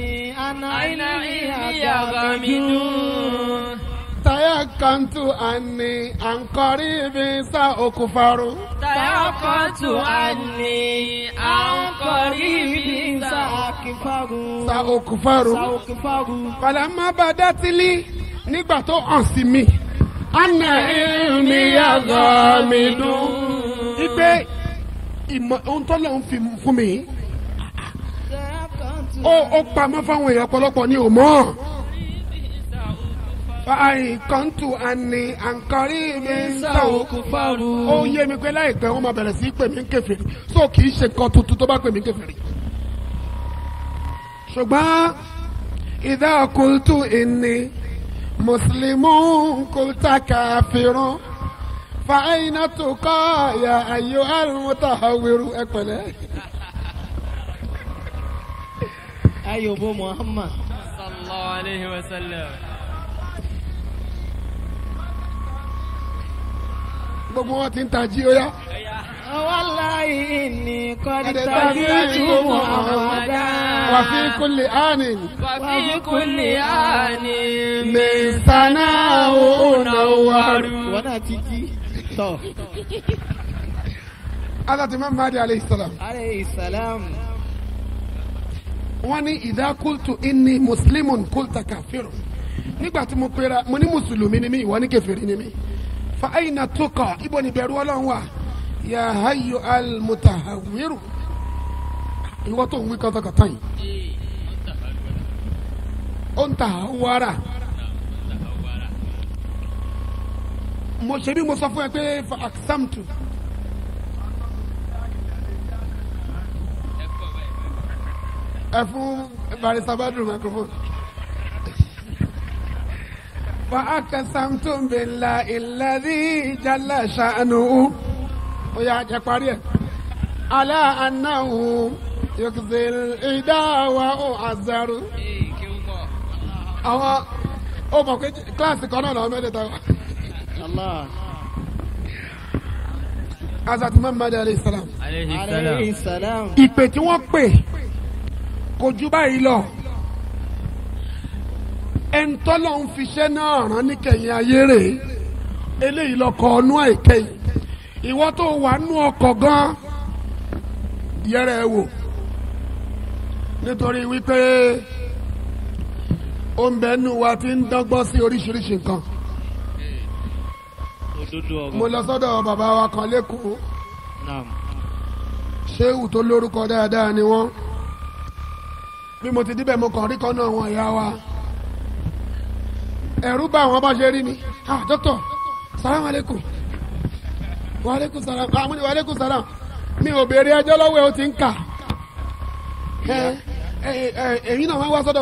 ana ilmi ya kami dun. taya kantu ani ankori bi sa okufaru. taya kantu ani ankori bi sa akifaru. sa okufaru. sa okufaru. kalama bada ti li nígbà tó hàn mi ana ilmi azamidu. ipe ìmọ̀ ohun tó lọ́n fi fún mi ó ó pamọ́ fáwọn èèyàn ọ̀pọ̀lọpọ̀ ní òmọ́. àìkọ́ntù àní àǹkọ́rí mi ń tà ó kúfàrú. ó yé mi pé láìpẹ́ wọ́n máa bẹ̀rẹ̀ sí pè mí kèfèrí so kì í ṣe nǹkan tuntun tó bá pè mí kèfèrí. ṣùgbọ́n ìdá ọkùnrin tún ìní. مسلم قلت كافر فأين تقى يا أيها المتهور أقبل أيوب محمد صلى الله عليه وسلم gbogbo wọn ti ń ta jí ó yá. wàláyé ní kọ́dítà bí mo mọ̀ ọ́dá. wà fi kúlẹ̀ áàní. wà fi kúlẹ̀ áàní. lè sáná òun àwárù. wọ́n náà ti jí tọ̀. aláti máa ń di aleyhi salam. aleyhi salam. wọ́n ní ìdá kúltù inni muslimun kúltà kàfírù nígbà tí mo pera mo ní mùsùlùmí ni mí ìwọ ní kèfèrí ni mí fa aina tuqa ibo ni bẹ̀rù Ọlọ́run wa ya hayyu almutahawiru ìwọ tó ń wí kàtàkàtà yìí ó ń ta wàrà mo ṣe bí mo sọ fún ẹ pé fa aksamtu. ẹ fún barista microphone. فأقسمتم بالله الذي جل شأنه ويا جبارية على أنه يكذي الإداء وأعذر àwọn ó mọ̀ pé kíláàsì kan náà làwọn mẹ́tẹ̀ẹ̀ta wà. azati muhammad alayhi salam. alayhi salam. ìpè tí wọ́n pè kò ju báyìí lọ ẹ̀ńtọ́lọ́ ń fiṣẹ́ náà rán níkẹyìn ayé rè é eléyìí lọkọ̀ ọ̀nú àìkẹyìn ìwọ tó wà nú ọkọ̀ gan yẹra ẹ wò nítorí wípé ó ń bẹ nú wa ti ń dọ́gbọ́n sí oríṣiríṣi nǹkan mo lọ sọ́dọ̀ bàbá wa kan lẹ́kọ̀ọ́ ṣéwù tó lórúkọ dáadáa ni wọ́n bí mo ti díbẹ̀ mo kàn rí kan náà wọ̀nyá wa. Naam. ẹ̀rú bá àwọn bá ṣe rí mi ah dókítà salamu aleykum wa aleykum salam wa aleykum salam mi ò béèrè ẹjọ́ lọ́wọ́ ẹ o ti ń kà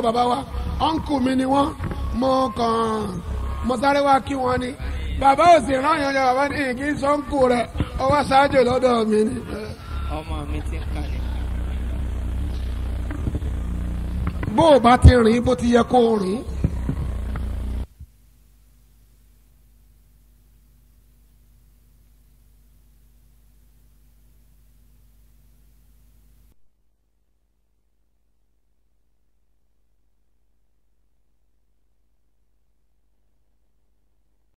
bàbá wa ọ̀nkù mi ni wọ́n mo kàn mo sáré wá ni bàbá ò sì bàbá ní sọ́nkù rẹ̀ wá ṣáájú lọ́dọ̀ mi ni. ọmọ mi ti ń